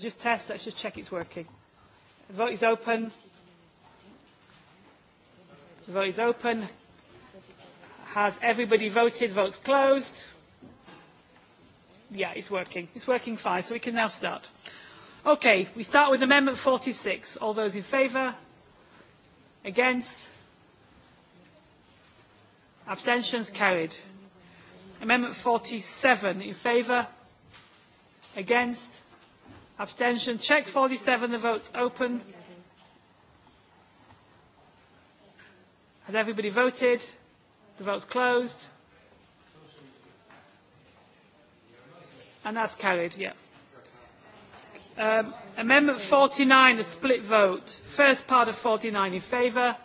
Just test, let's just check it's working. The vote is open. The vote is open. Has everybody voted? Votes closed. Yeah, it's working. It's working fine, so we can now start. Okay, we start with Amendment 46. All those in favour? Against? Abstentions carried. Amendment 47 in favour? Against? Against? abstention check forty seven the votes open has everybody voted the votes closed and that's carried yeah um, amendment 49 a split vote first part of 49 in favor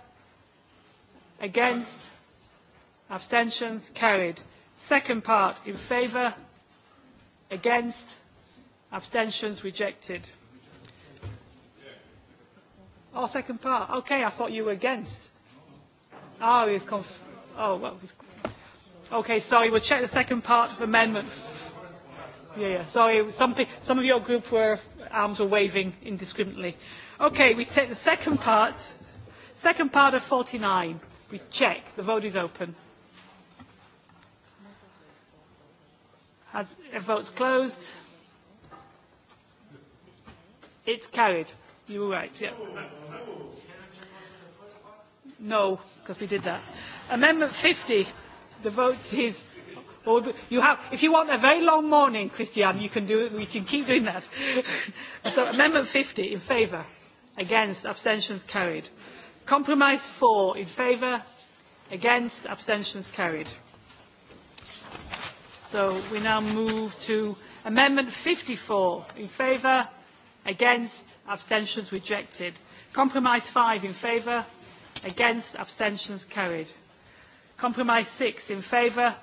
against abstentions carried second part in favor against Abstentions rejected. Oh, second part. Okay, I thought you were against. Oh, ah, he's conf- oh well. He's- okay, sorry. We'll check the second part of amendment. Yeah, yeah. Sorry, something. Some of your group were arms were waving indiscriminately. Okay, we take the second part. Second part of 49. We check. The vote is open. Has- vote's closed. It's carried. You were right. Yeah. No, because we did that. Amendment 50. The vote is. You have, if you want a very long morning, Christiane, you can do it. We can keep doing that. so, Amendment 50 in favour. Against. Abstentions carried. Compromise 4 in favour. Against. Abstentions carried. So, we now move to Amendment 54 in favour against abstentions rejected compromise five in favour against abstentions carried compromise six in favour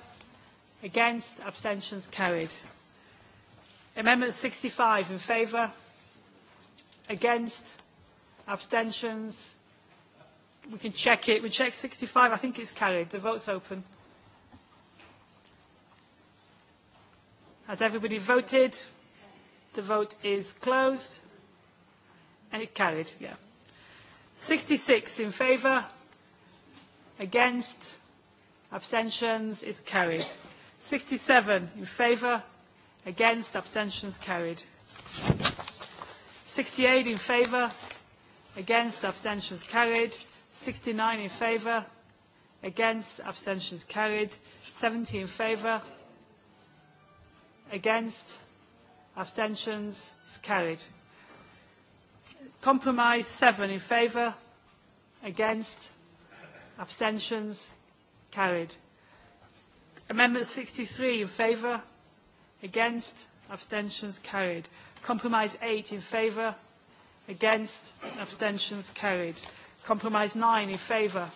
against abstentions carried amendment sixty five in favour against abstentions we can check it. We check 65. I think it's carried. The vote's open. Has everybody voted? The vote is closed. And it carried, yeah. 66 in favour, against, abstentions, is carried. 67 in favour, against, abstentions, carried. 68 in favour, against, abstentions, carried. 69 in favour, against, abstentions, carried. 70 in favour, against, abstentions, carried. Abstentions? It's carried. Compromise seven in favour? Against? Abstentions? Carried. Amendment 63 in favour? Against? Abstentions? Carried. Compromise eight in favour? Against? Abstentions? Carried. Compromise nine in favour?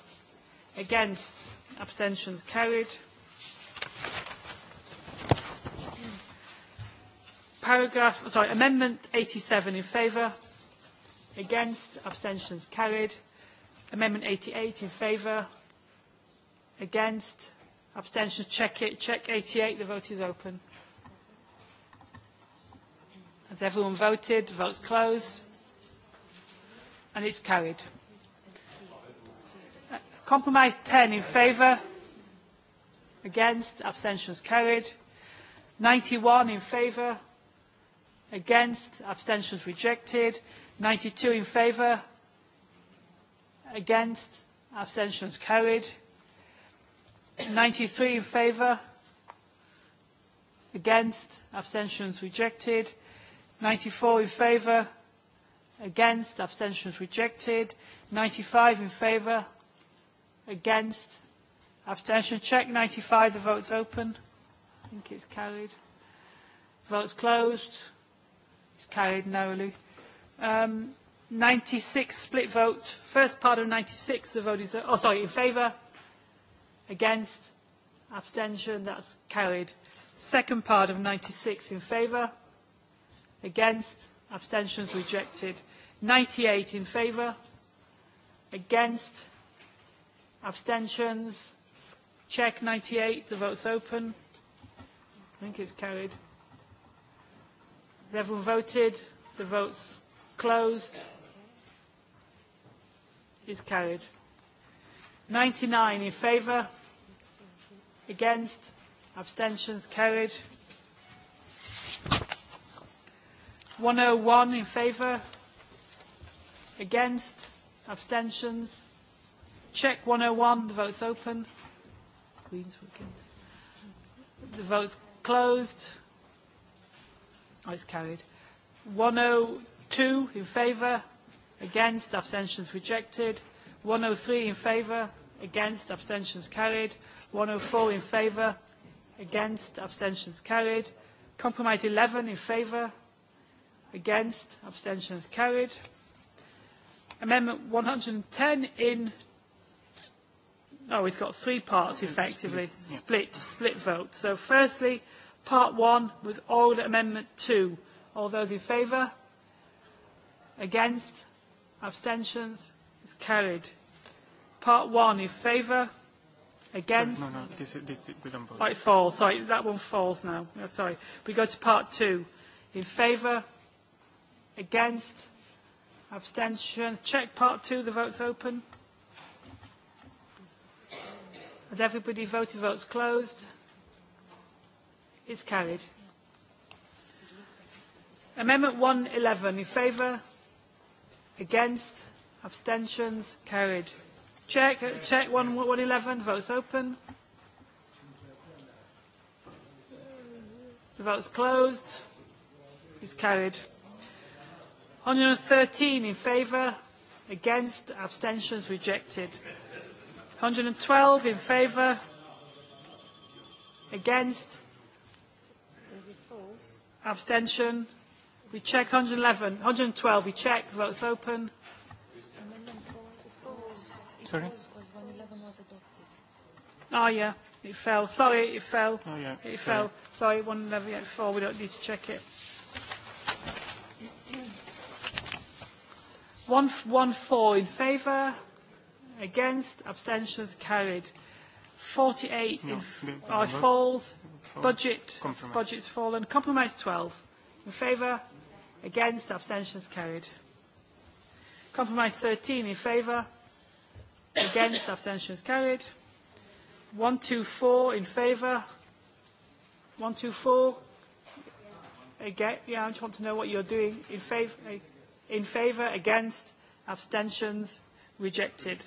Against? Abstentions? Carried. paragraph, sorry, amendment 87 in favour, against, abstentions carried. Amendment 88 in favour, against, abstentions, check it, check 88, the vote is open. Has everyone voted? Votes closed. And it's carried. Uh, compromise 10 in favour, against, abstentions carried. 91 in favour, against abstentions rejected ninety two in favour against abstentions carried ninety three in favour against abstentions rejected ninety four in favour against abstentions rejected ninety five in favour against abstention check ninety five the votes open I think it's carried votes closed carried narrowly. Um, 96 split vote. First part of 96, the vote is, oh sorry, in favour, against, abstention, that's carried. Second part of 96 in favour, against, abstentions rejected. 98 in favour, against, abstentions, check 98, the vote's open. I think it's carried everyone voted? The vote's closed. It's carried. 99 in favour, against, abstentions, carried. 101 in favour, against, abstentions. Check 101, the vote's open. Queens were against. The vote's closed. It's carried. 102 in favour, against, abstentions rejected. 103 in favour, against, abstentions carried. 104 in favour, against, abstentions carried. Compromise 11 in favour, against, abstentions carried. Amendment 110 in, oh, it's got three parts effectively, split, split vote. So firstly, part one with all amendment two. All those in favour? Against? Abstentions? It's carried. Part one in favour? Against? No, no, no. This, this, this, we don't vote. Oh, it falls. Sorry, that one falls now. No, sorry. We go to part two. In favour? Against? Abstention? Check part two. The vote's open. Has everybody voted? Votes closed is carried. amendment one hundred and eleven in favour against abstentions carried check check one one eleven votes open the votes closed is carried one hundred and thirteen in favour against abstentions rejected one hundred and twelve in favour against abstention we check 111 112 we check votes open sorry oh yeah it fell sorry it fell oh yeah it fell yeah. sorry 111 yeah, four we don't need to check it 114 in favor against abstentions carried 48 no, in, oh, it falls budget compromise. budget's fallen compromise 12 in favor against abstentions carried compromise 13 in favor against abstentions carried 124 in favor 124 again yeah i just want to know what you're doing in favor in favor against abstentions rejected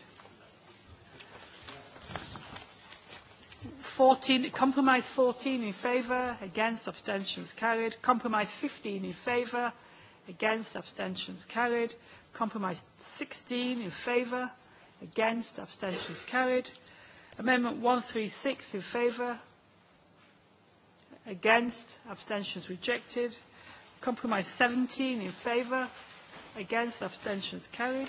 14, compromise 14 in favour, against abstentions carried. Compromise 15 in favour, against abstentions carried. Compromise 16 in favour, against abstentions carried. Amendment 136 in favour, against abstentions rejected. Compromise 17 in favour, against abstentions carried.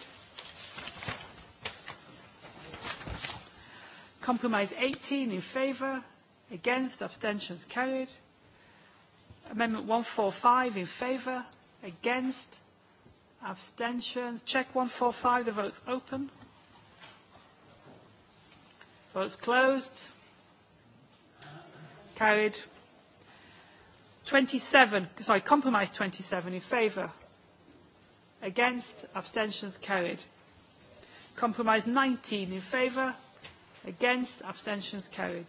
Compromise 18 in favour, against, abstentions carried. Amendment 145 in favour, against, abstentions. Check 145, the vote's open. Votes closed. Carried. 27, sorry, compromise 27 in favour. Against, abstentions carried. Compromise 19 in favour against abstentions carried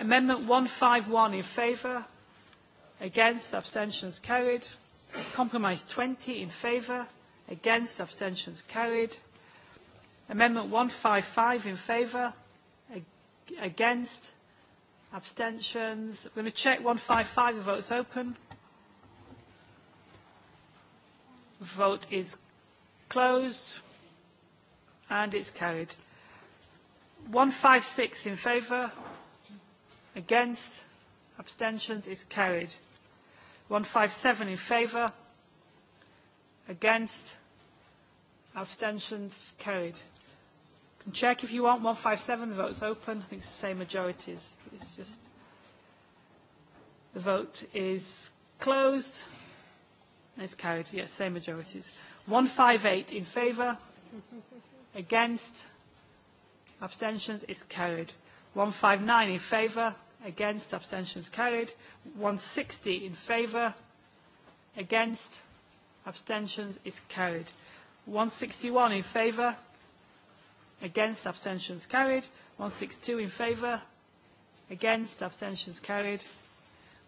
amendment 151 in favour against abstentions carried compromise 20 in favour against abstentions carried amendment 155 in favour against abstentions we're going to check 155 the votes open vote is closed and it's carried. 156 in favour, against, abstentions, it's carried. 157 in favour, against, abstentions, carried. You can check if you want, 157, the vote's open, I think it's the same majorities. It's just, the vote is closed, and it's carried, yes, same majorities. 158 in favour. Against. Abstentions is carried. 159 in favour. Against. Abstentions carried. 160 in favour. Against. Abstentions is carried. 161 in favour. Against. Abstentions carried. 162 in favour. Against. Abstentions carried.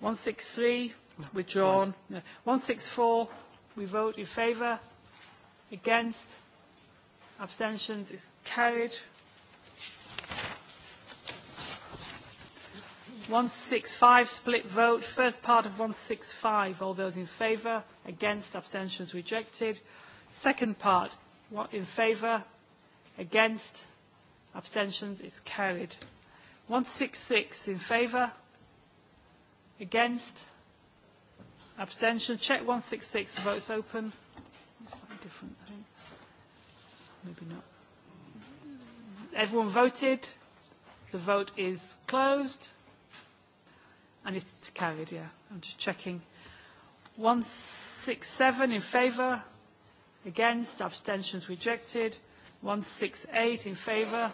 163 withdrawn. 164 no. we vote in favour. Against. Abstentions. Abstentions is carried. 165 split vote. First part of 165. All those in favour? Against? Abstentions rejected. Second part. What in favour? Against? Abstentions is carried. 166 in favour? Against? Abstention. Check 166. The vote's open. It's slightly different maybe not. Everyone voted. The vote is closed. And it's carried, yeah. I'm just checking. 167 in favour. Against. Abstentions rejected. 168 in favour.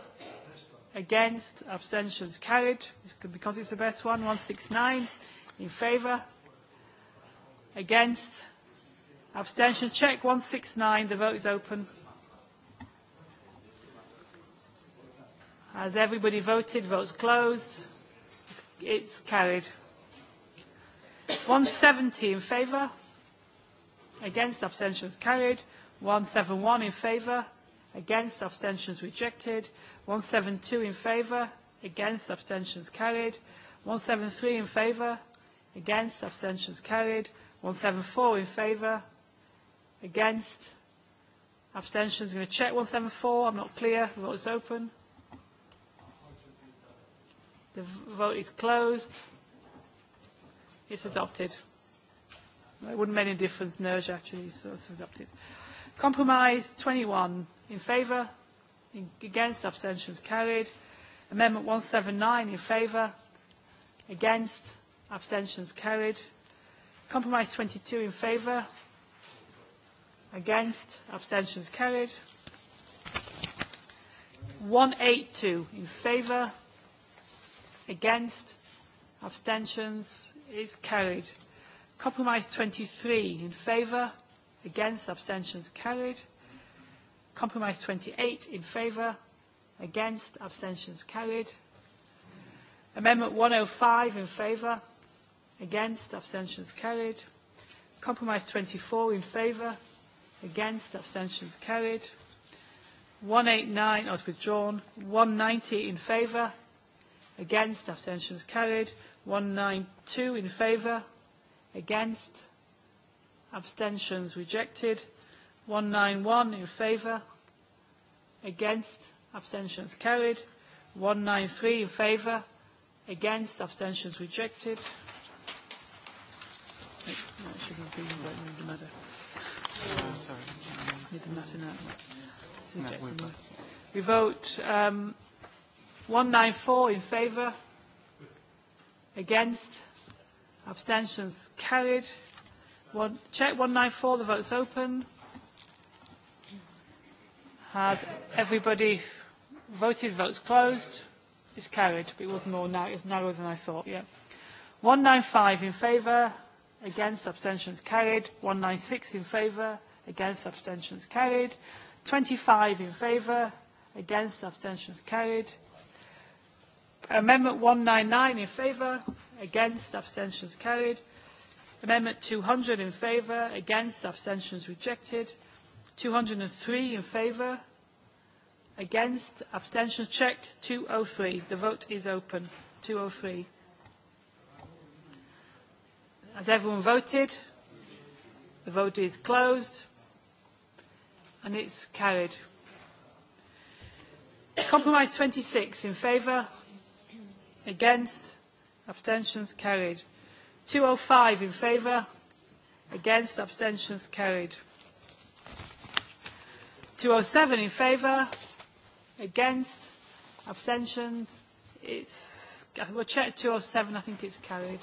Against. Abstentions carried. It's because it's the best one. 169 in favour. Against. Abstention check. 169. The vote is open. Has everybody voted? Votes closed. It's carried. 170 in favour. Against abstentions carried. 171 in favour. Against abstentions rejected. 172 in favour. Against abstentions carried. 173 in favour. Against abstentions carried. 174 in favour. Against abstentions. I'm going to check 174. I'm not clear. Vote is open. The vote is closed. It's adopted. It wouldn't make any difference, Nerj no, actually, so it's adopted. Compromise 21, in favour, in, against, abstentions carried. Amendment 179, in favour, against, abstentions carried. Compromise 22, in favour, against, abstentions carried. 182, in favour, against, abstentions is carried. Compromise 23 in favor, against, abstentions carried. Compromise 28 in favor, against, abstentions carried. Amendment 105 in favor, against, abstentions carried. Compromise 24 in favor, against, abstentions carried. 189 as withdrawn. 190 in favor, Against, abstentions carried. 192 in favour. Against, abstentions rejected. 191 in favour. Against, abstentions carried. 193 in favour. Against, abstentions rejected. No, it shouldn't be, but it doesn't matter. Uh, sorry. It doesn't matter now. No, we vote um, 194 in favour, against, abstentions carried. One, check 194, the vote's open. Has everybody voted, votes closed? It's carried, but it was more now, it's narrower than I thought, yeah. 195 in favour, against, abstentions carried. 196 in favour, against, abstentions carried. 25 in favour, against, abstentions carried. Amendment 199 in favour, against, abstentions carried. Amendment 200 in favour, against, abstentions rejected. 203 in favour, against, abstentions check, 203. The vote is open, 203. Has everyone voted? The vote is closed and it's carried. Compromise 26 in favour, against abstentions carried two hundred oh five in favour against abstentions carried two hundred oh seven in favour against abstentions it's we'll check two hundred oh seven I think it's carried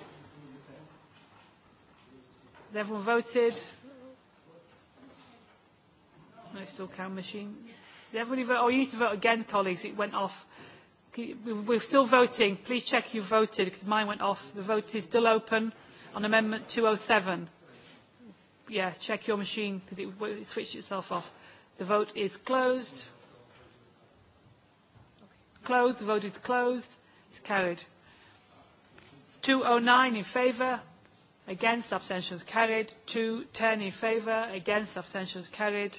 everyone voted no still count machine everybody vote oh you need to vote again colleagues it went off we're still voting. Please check you voted because mine went off. The vote is still open on Amendment 207. Yeah, check your machine because it, it switched itself off. The vote is closed. Closed. The vote is closed. It's carried. 209 in favour. Against. Abstentions carried. 210 in favour. Against. Abstentions carried.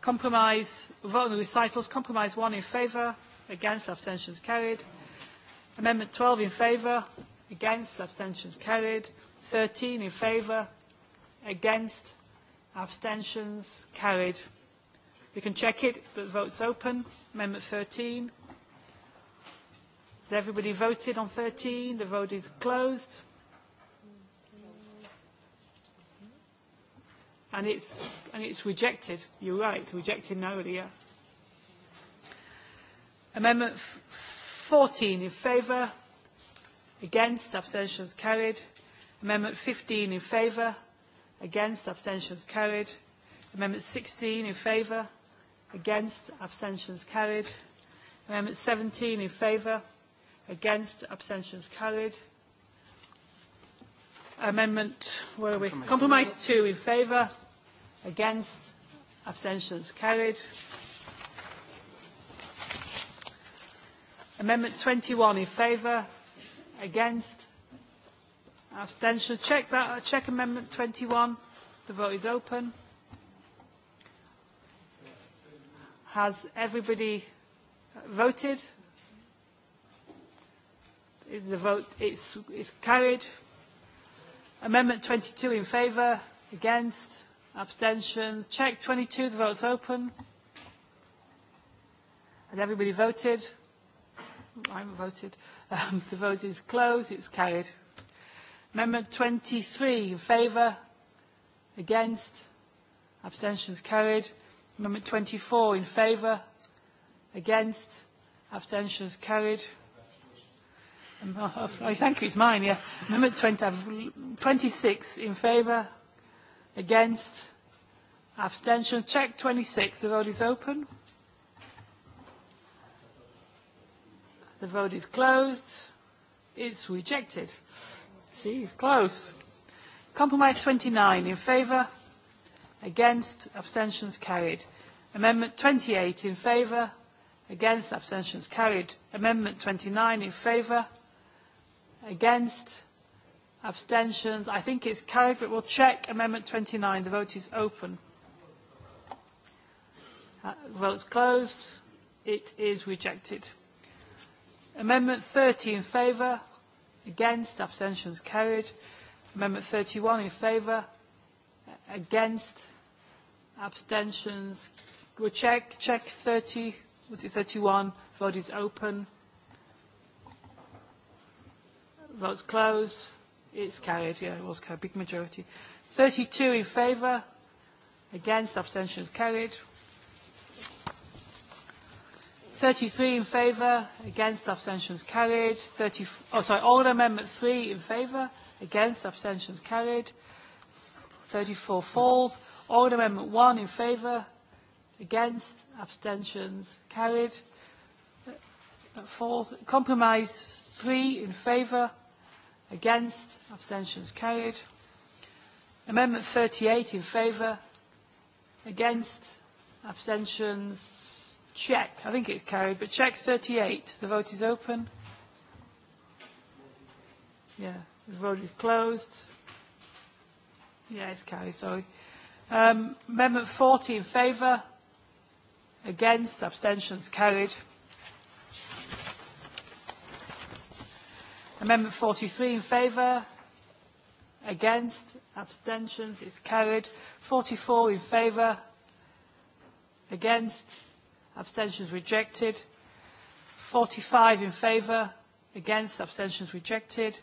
Compromise. Vote on the recitals. Compromise 1 in favour against abstentions carried amendment 12 in favor against abstentions carried 13 in favor against abstentions carried we can check it but the votes open amendment 13 has everybody voted on 13 the vote is closed and it's and it's rejected you're right rejected now yeah amendment fourteen in favour against abstentions carried amendment fifteen in favour against abstentions carried amendment sixteen in favour against abstentions carried amendment seventeen in favour against abstentions carried amendment where are we compromise, compromise two in favour against abstentions carried amendment twenty one in favour against abstention check that uh, check amendment twenty one the vote is open has everybody voted the vote it's it's carried amendment twenty two in favour against abstention check twenty two the vote's open and everybody voted I'm voted. Um, the vote is closed. It's carried. Amendment 23, in favour? Against? Abstentions carried. Amendment 24, in favour? Against? Abstentions carried. Um, I thank you, it's mine, yeah. Amendment 20, 26, uh, in favour? Against? Abstentions. Check 26. The vote is open. The vote is closed. It's rejected. See, it's close. Compromise 29, in favor. Against, abstentions carried. Amendment 28, in favor. Against, abstentions carried. Amendment 29, in favor. Against, abstentions. I think it's carried, but we'll check Amendment 29. The vote is open. Uh, vote's closed. It is rejected. Amendment 30 in favour. Against. Abstentions carried. Amendment 31 in favour. Against. Abstentions. We'll check. Check 30. Was it 31? Vote is open. Vote's closed. It's carried. Yeah, it was carried. Big majority. 32 in favour. Against. Abstentions carried. 33 in favour, against abstentions carried. 30, oh, sorry, all amendment 3 in favour, against abstentions carried. 34 falls. All amendment 1 in favour, against abstentions carried. That falls. Compromise 3 in favour, against abstentions carried. Amendment 38 in favour, against abstentions check. I think it's carried, but check 38. The vote is open. Yeah, the vote is closed. Yeah, it's carried, sorry. Um, amendment 40 in favour. Against, abstentions carried. Amendment 43 in favour. Against, abstentions, it's carried. 44 in favour. Against, abstentions rejected. 45 in favour, against, abstentions rejected.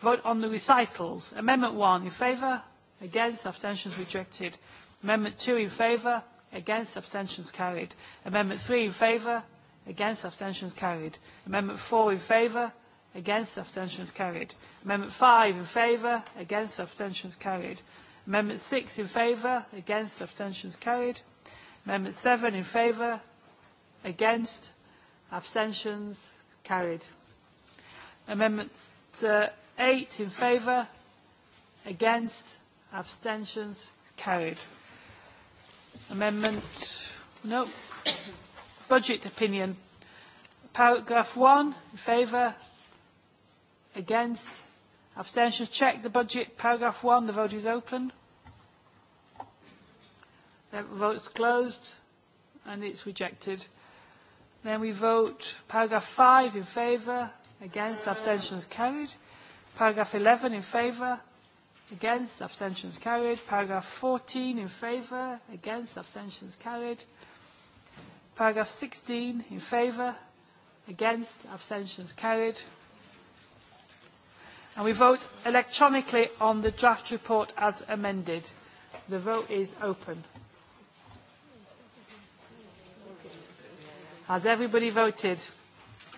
Vote on the recitals. Amendment 1 in favour, against, abstentions rejected. Amendment 2 in favour, against, abstentions carried. Amendment 3 in favour, against, abstentions carried. Amendment 4 in favour, against, abstentions carried. Amendment 5 in favour, against, abstentions carried. Amendment 6 in favour, against, abstentions carried. Amendment 7 in favour, Against? Abstentions? Carried. Amendment uh, 8 in favour? Against? Abstentions? Carried. Amendment, no. Budget opinion. Paragraph 1, in favour? Against? Abstention, check the budget. Paragraph 1, the vote is open. The vote is closed, and it's rejected. Then we vote paragraph 5 in favour, against, abstentions carried. Paragraph 11 in favour, against, abstentions carried. Paragraph 14 in favour, against, abstentions carried. Paragraph 16 in favour, against, abstentions carried. And we vote electronically on the draft report as amended. The vote is open. Has everybody voted?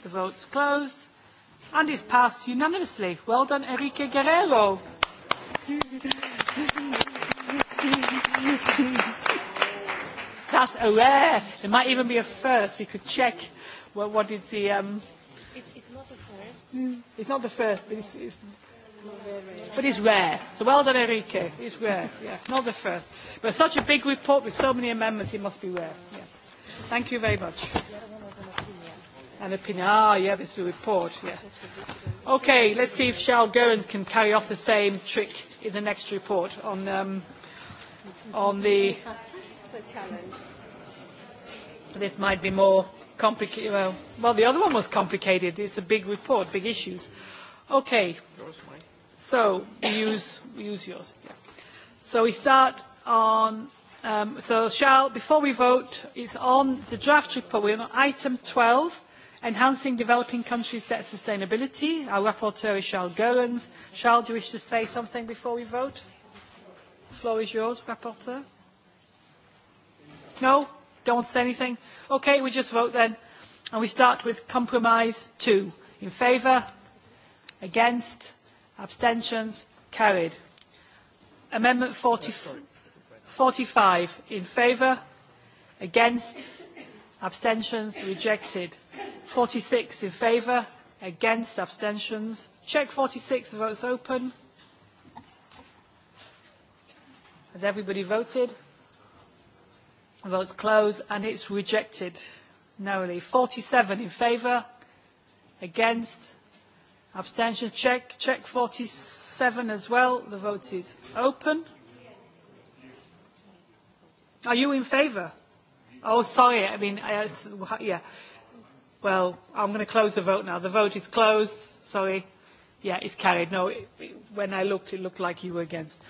The vote's closed and it's passed unanimously. Well done, Enrique Guerrero. That's a rare. It might even be a first. We could check what, what did the. Um, it's not the first. It's not the first, but it's, it's, but it's rare. So well done, Enrique. It's rare. Yeah, not the first. But such a big report with so many amendments, it must be rare. Yeah thank you very much. An opinion. Ah, yeah, this is a report. Yeah. Okay, let's see if Charles Goins can carry off the same trick in the next report on, um, on the. This might be more complicated. Well, well, the other one was complicated. It's a big report, big issues. Okay. So, use, use yours. Yeah. So, we start on Um, so, shall before we vote, it's on the draft report. We're on item 12, enhancing developing countries' debt sustainability. Our rapporteur is Charles Gerens. Charles, do you wish to say something before we vote? The floor is yours, rapporteur. No? Don't want to say anything? Okay, we just vote then. And we start with compromise two. In favour? Against? Abstentions? Carried. Amendment 44. 45 in favour against abstentions rejected 46 in favour against abstentions check 46 votes open has everybody voted votes closed and it's rejected narrowly 47 in favour against abstention check check 47 as well the vote is open Are you in favour? Oh, sorry. I mean, yes, yeah. Well, I'm going to close the vote now. The vote is closed. Sorry. Yeah, it's carried. No, it, it, when I looked, it looked like you were against.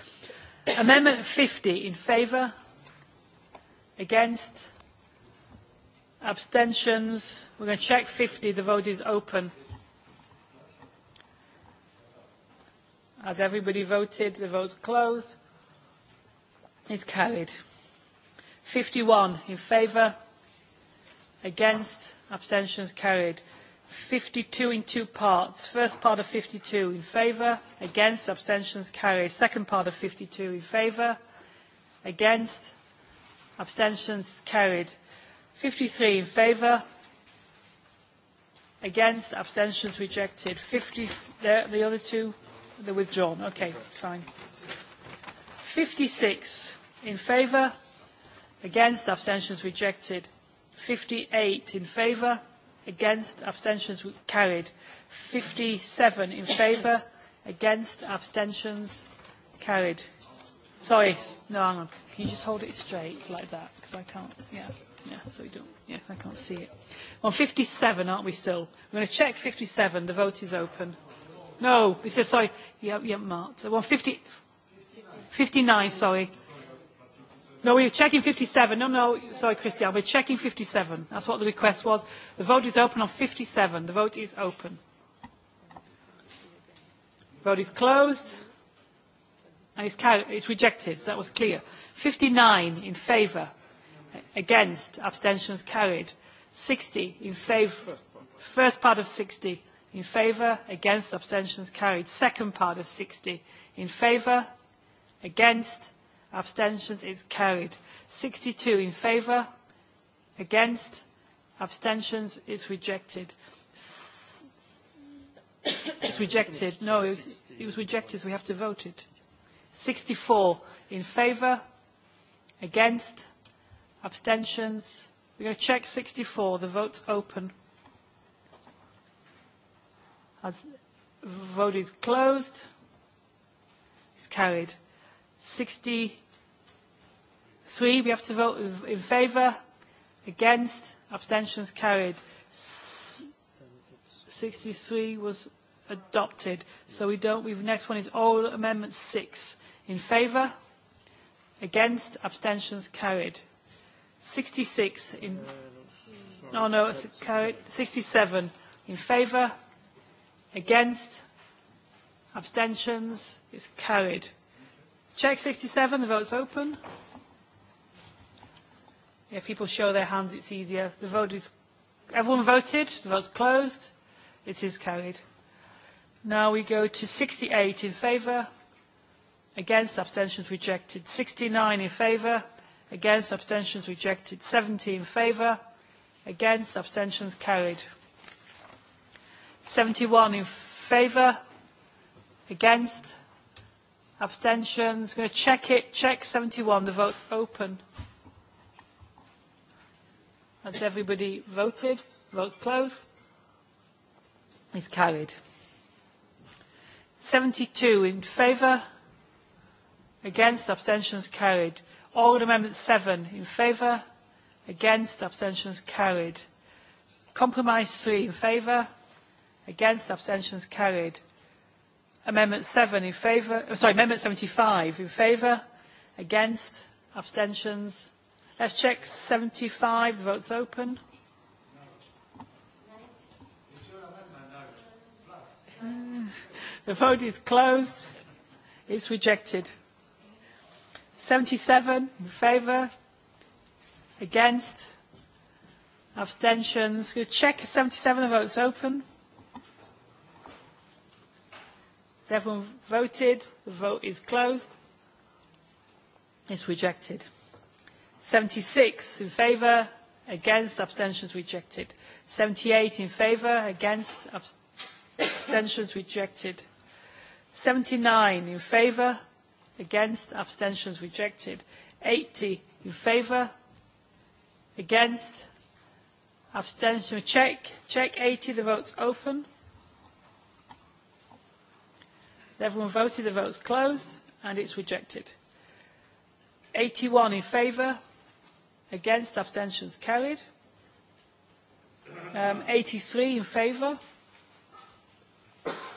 Amendment 50 in favour. Against. Abstentions. We're going to check 50. The vote is open. Has everybody voted? The vote's closed. It's carried fifty one in favour against abstentions carried fifty two in two parts first part of fifty two in favour against abstentions carried second part of fifty two in favour against abstentions carried fifty three in favour against abstentions rejected fifty the, the other two they're withdrawn okay fine fifty six in favour against abstentions rejected 58 in favour against abstentions carried 57 in favour against abstentions carried sorry no hang on can you just hold it straight like that because i can't yeah yeah so we don't yes i can't see it on 57 aren't we still we're going to check 57 the vote is open no it says sorry yeah yeah marked so 50, 59 sorry no we are checking fifty seven no no sorry christian we are checking fifty seven that is what the request was the vote is open on fifty seven the vote is open the vote is closed and it is rejected so that was clear fifty nine in favour against abstentions carried sixty in favour first part of sixty in favour against abstentions carried second part of sixty in favour against Abstentions is carried. 62 in favor. Against? Abstentions is rejected. It's rejected. No, it was rejected, so we have to vote it. 64 in favor. Against? Abstentions. We're going to check 64. The vote's open. As vote is closed, it's carried. 60 three we have to vote in favor against abstentions carried S 63 was adopted so we don't we've next one is all amendment six in favor against abstentions carried 66 in uh, sorry, no no it's carried 67 in favor against abstentions it's carried check 67 the votes open If people show their hands, it's easier. The vote is... Everyone voted? The vote's closed? It is carried. Now we go to 68 in favour. Against, abstentions rejected. 69 in favour. Against, abstentions rejected. 70 in favour. Against, abstentions carried. 71 in favour. Against, abstentions. I'm going to check it. Check 71. The vote's open. Open. Has everybody voted? Votes closed. Is carried. 72 in favour. Against, abstentions carried. Oral Amendment 7 in favour. Against, abstentions carried. Compromise 3 in favour. Against, abstentions carried. Amendment 7 in favour. Oh, sorry, Amendment 75 in favour. Against, abstentions carried. Let's check 75 votes open. The vote is closed. It's rejected. 77 in favour. Against. Abstentions. We'll check 77. The vote's open. Everyone voted. The vote is closed. It's rejected seventy six in favour against abstentions rejected seventy eight in favour against abstentions rejected seventy nine in favour against abstentions rejected eighty in favour against abstention check check eighty the votes open everyone voted the votes closed and it's rejected eighty one in favour against abstentions carried um, 83 in favor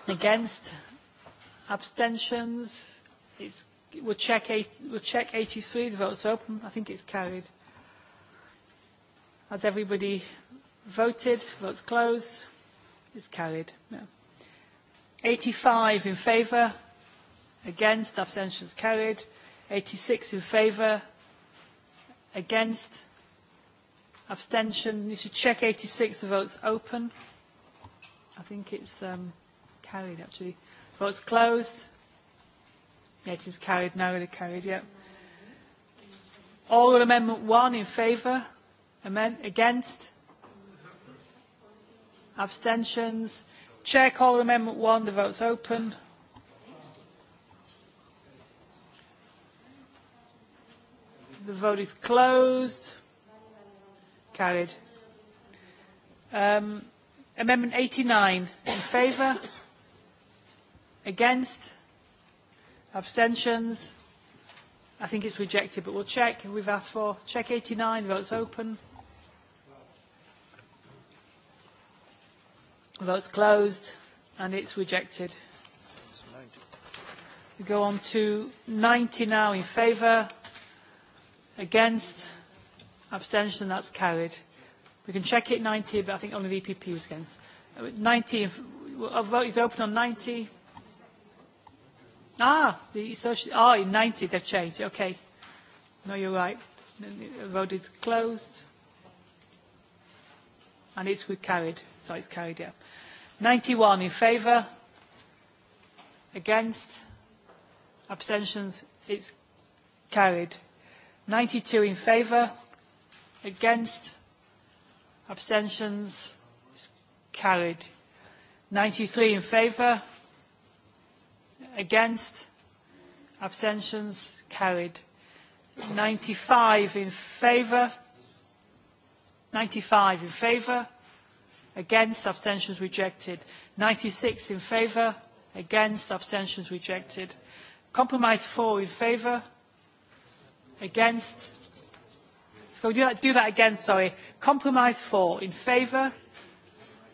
against abstentions it's we'll check eight, we'll check 83 the votes open I think it's carried has everybody voted votes closed it's carried no. 85 in favor against abstentions carried 86 in favor against abstention you should check 86 the votes open i think it's um carried actually votes closed yeah, it is carried now really carried yep all amendment one in favor amend against abstentions check all amendment one the votes open The vote is closed. Carried. Um, amendment 89 in favour? Against? Abstentions? I think it's rejected, but we'll check. We've asked for check 89. Votes open. Votes closed. And it's rejected. We go on to 90 now in favour. Against? Abstention? That's carried. We can check it 90, but I think only the EPP was against. 90, uh, if, a vote is open on 90. Ah, the social, ah, 90, they've changed. Okay. No, you're right. The vote is closed. And it's carried. So it's carried, yeah. 91 in favour. Against? Abstentions? It's carried. 92 in favour, against, abstentions, it's carried. 93 in favour, against, abstentions, carried. 95 in favour, 95 in favour, against, abstentions, rejected. 96 in favour, against, abstentions, rejected. Compromise 4 in favour, against so do that, do that again sorry compromise four in favor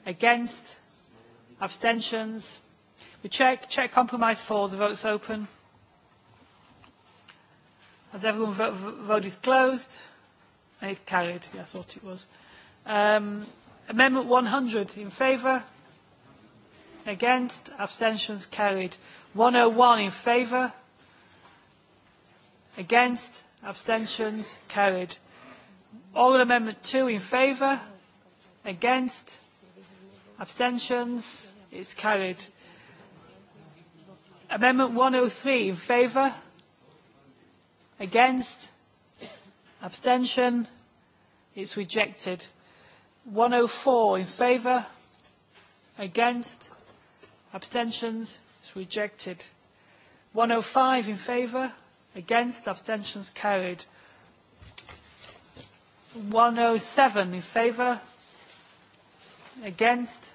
against abstentions we check check compromise four the votes open has everyone vote, vote is closed and it carried yeah, I thought it was um, amendment 100 in favor against abstentions carried 101 in favor against abstentions abstentions carried all amendment two in favor against abstentions it's carried amendment 103 in favor against abstention it's rejected 104 in favor against abstentions it's rejected 105 in favor against abstentions carried one hundred oh and seven in favour against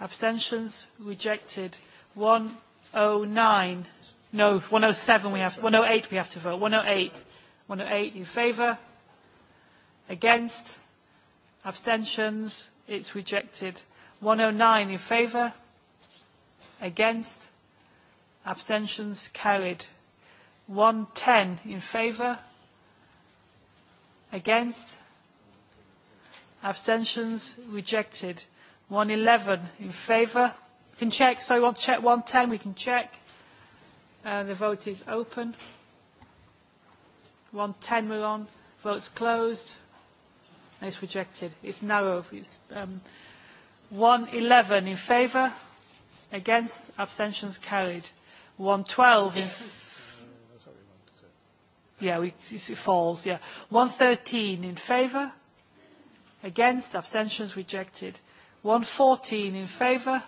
abstentions rejected one hundred oh and nine no one hundred oh and seven we have one hundred and eight we have to vote one hundred and eight one hundred and eight in favour against abstentions it's rejected one hundred and nine in favour against abstentions carried 110 in favor, against, abstentions, rejected. 111 in favor. Can check. Sorry, want to check 110, we can check. Uh, the vote is open. 110 we're on. Vote's closed. It's rejected. It's narrow. It's 111 um, in favor, against, abstentions carried. 112 yeah, we, it falls, yeah. 113 in favour, against, abstentions, rejected. 114 in favour.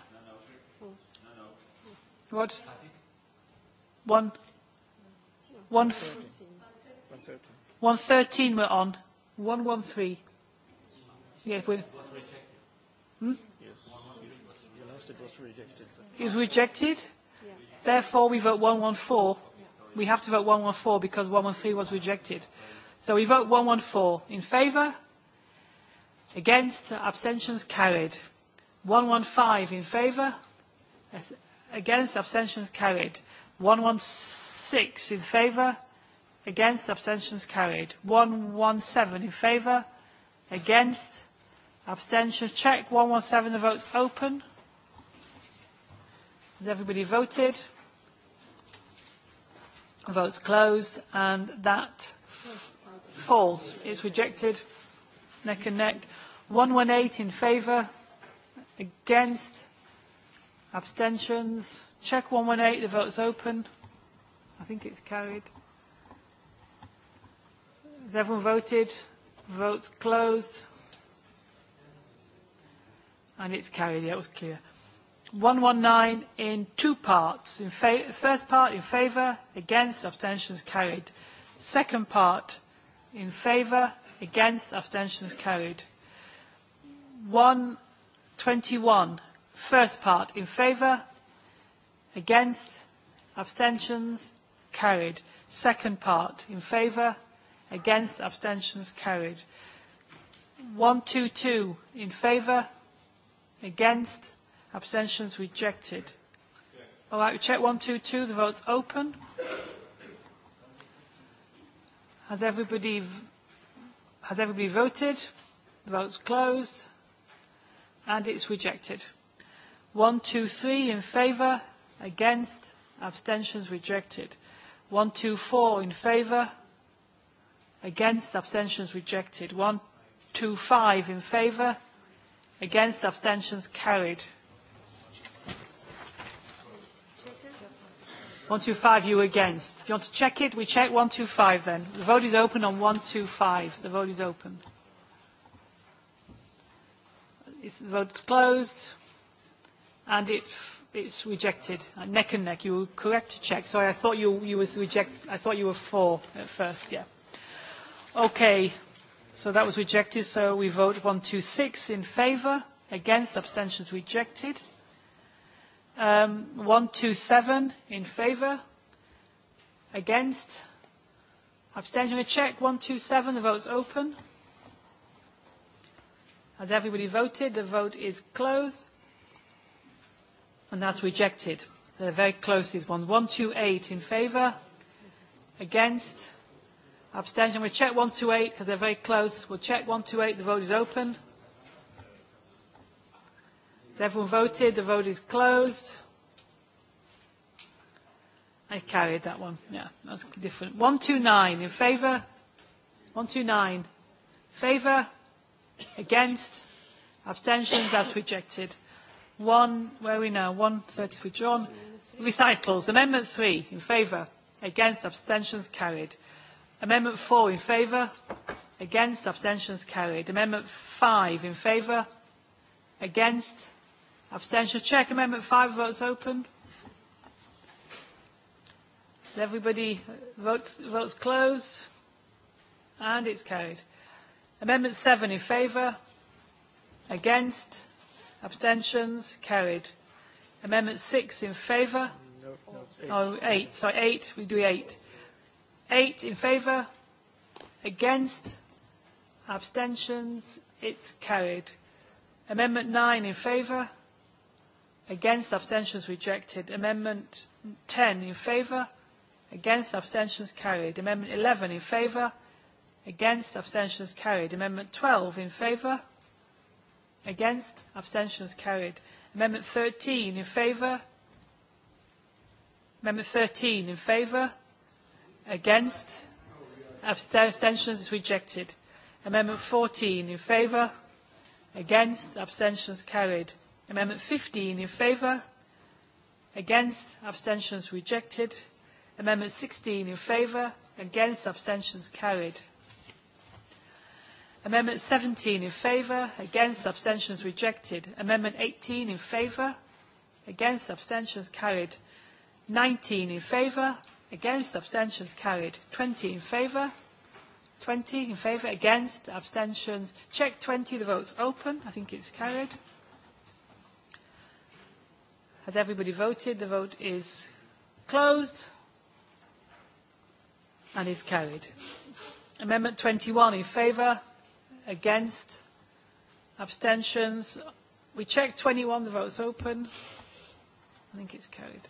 What? One. One. F- 113 we're on. 113. Yeah, we're. Hmm? Yes. It was rejected. It was rejected. Yeah. Therefore, we vote 114 we have to vote 114 because 113 was rejected. So we vote 114 in favour, against, abstentions carried. 115 in favour, against, abstentions carried. 116 in favour, against, abstentions carried. 117 in favour, against, abstentions. Check 117, the vote's open. Has everybody voted? Vote's closed and that f- falls. It's rejected. Neck and neck. 118 in favour. Against. Abstentions. Check 118. The vote's open. I think it's carried. Everyone voted. Vote's closed. And it's carried. That was clear. 119 in two parts. First part, in favor, against, abstentions carried. Second part, in favor, against, abstentions carried. 121, first part, in favor, against, abstentions carried. Second part, in favor, against, abstentions carried. 122, in favor, against, Abstentions rejected. All right, we check one, two, two. The vote's open. Has everybody, has everybody voted? The vote's closed. And it's rejected. One, two, three in favour, against, abstentions rejected. One, two, four in favour, against, abstentions rejected. One, two, five in favour, against, abstentions carried. 125 you against do you want to check it we check 125 then the vote is open on 125 the vote is open it's, the vote is closed and it it's rejected uh, neck and neck you were correct to check sorry i thought you you was reject i thought you were four at first yeah okay so that was rejected so we vote 126 in favor against abstentions rejected um, 127 in favour against abstention I check 127 the votes open as everybody voted the vote is closed and that's rejected so the very close is 128 in favour against abstention we check 128 because they're very close we'll check 128 the vote is open Has everyone voted? The vote is closed. I carried that one. Yeah, that's different. 129 in favour? 129 favour? Against? Abstentions? That's rejected. One, where are we now? 130 for John. Recitals. Amendment 3 in favour? Against? Abstentions? Carried. Amendment 4 in favour? Against? Abstentions? Carried. Amendment 5 in favour? Against? Abstentions, Abstention. Check. Amendment 5. Votes open. Everybody uh, votes, votes close. And it's carried. Amendment 7. In favour? Against? Abstentions? Carried. Amendment 6. In favour? No, no, oh, 8. Sorry, 8. We do 8. 8. In favour? Against? Abstentions? It's carried. Amendment 9. In favour? No. Against abstentions rejected. Amendment 10 in favour. Against abstentions carried. Amendment 11 in favour. Against abstentions carried. Amendment 12 in favour. Against abstentions carried. Amendment 13 in favour. Amendment 13 in favour. Against abstentions rejected. Amendment 14 in favour. Against abstentions carried. Amendment 15 in favour. Against abstentions rejected. Amendment 16 in favour. Against abstentions carried. Amendment 17 in favour. Against abstentions rejected. Amendment 18 in favour. Against abstentions carried. 19 in favour. Against abstentions carried. 20 in favour. 20 in favour. Against abstentions. Check 20. The vote's open. I think it's carried. Has everybody voted? The vote is closed and is carried. Amendment 21 in favour, against, abstentions. We check 21, the vote's open. I think it's carried.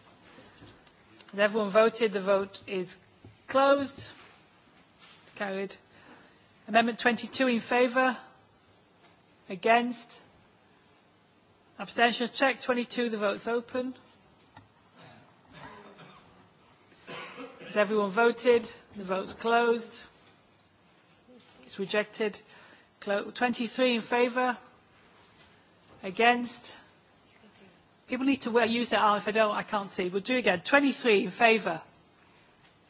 Has everyone voted? The vote is closed. It's carried. Amendment 22 in favour, against, abstentions. Abstention check 22, the vote's open. Has everyone voted? The vote's closed. It's rejected. Clo 23 in favour. Against. People need to wear, use it. If I don't, I can't see. We'll do again. 23 in favour.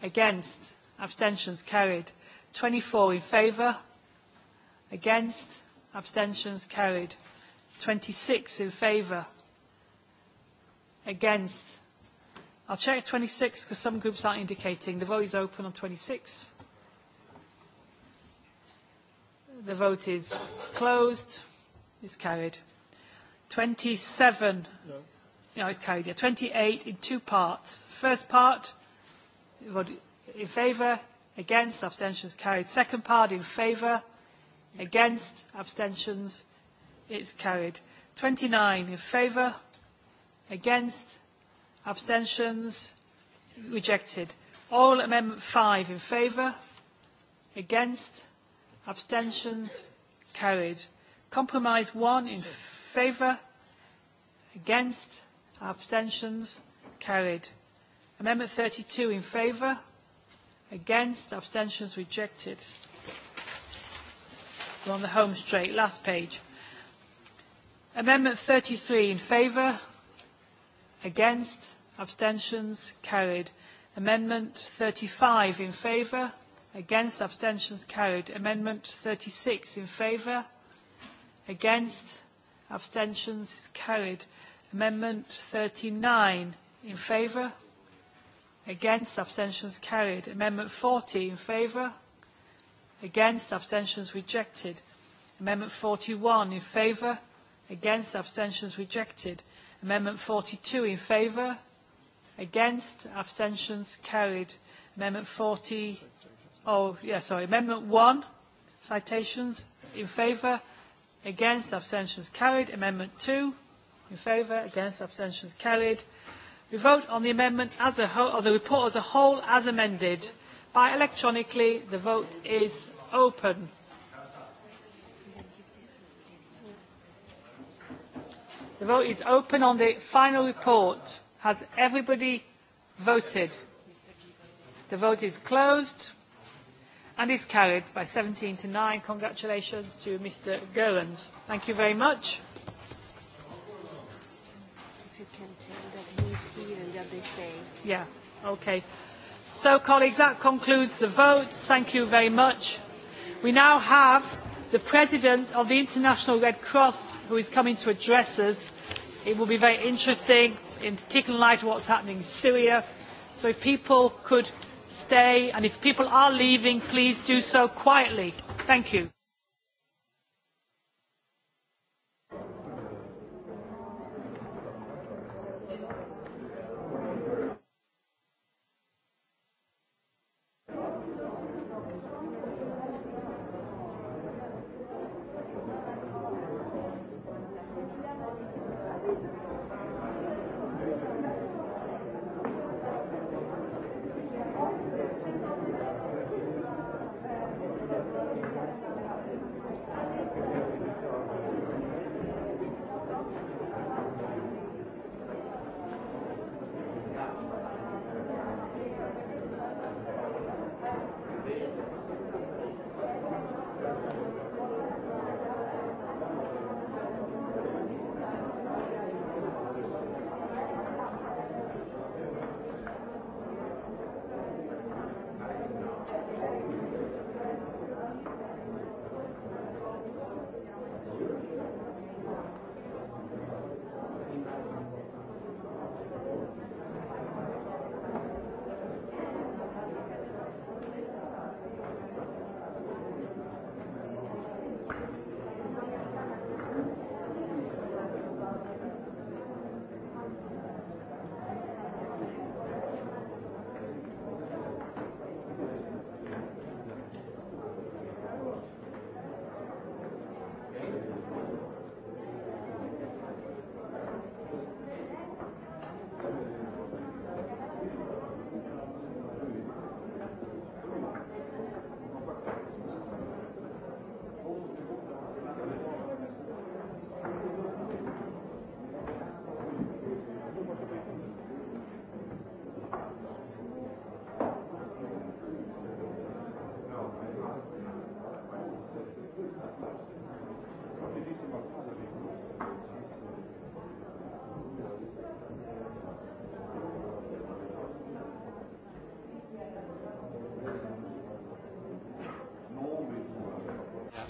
Against. Abstentions carried. 24 in favour. Against. Abstentions carried. 26 in favour. Against. I'll check 26 because some groups aren't indicating. The vote is open on 26. The vote is closed. It's carried. 27. No, no it's carried. Yeah. 28 in two parts. First part, vote in favour, against, abstentions carried. Second part, in favour, against, abstentions is carried. 29 in favour, against, abstentions, rejected. All Amendment 5 in favour, against, abstentions, carried. Compromise 1 in favour, against, abstentions, carried. Amendment 32 in favour, against, abstentions, rejected. We're on the home straight, last page amendment thirty three in favour against abstentions carried amendment thirty five in favour against abstentions carried amendment thirty six in favour against abstentions carried amendment thirty nine in favour against abstentions carried amendment forty in favour against abstentions rejected amendment forty one in favour Against, abstentions rejected. Amendment 42 in favour. Against, abstentions carried. Amendment 40, oh, yeah, sorry. Amendment 1, citations in favour. Against, abstentions carried. Amendment 2, in favour. Against, abstentions carried. We vote on the amendment as a whole, on the report as a whole as amended. By electronically, the vote is open. the vote is open on the final report. Has everybody voted? The vote is closed and is carried by 17 to 9. Congratulations to Mr. Goerens. Thank you very much. If you can tell that he's here and that they stay. Yeah, okay. So, colleagues, that concludes the vote. Thank you very much. We now have the president of the international red cross who is coming to address us. it will be very interesting, in particular in light of what's happening in syria. so if people could stay and if people are leaving, please do so quietly. thank you.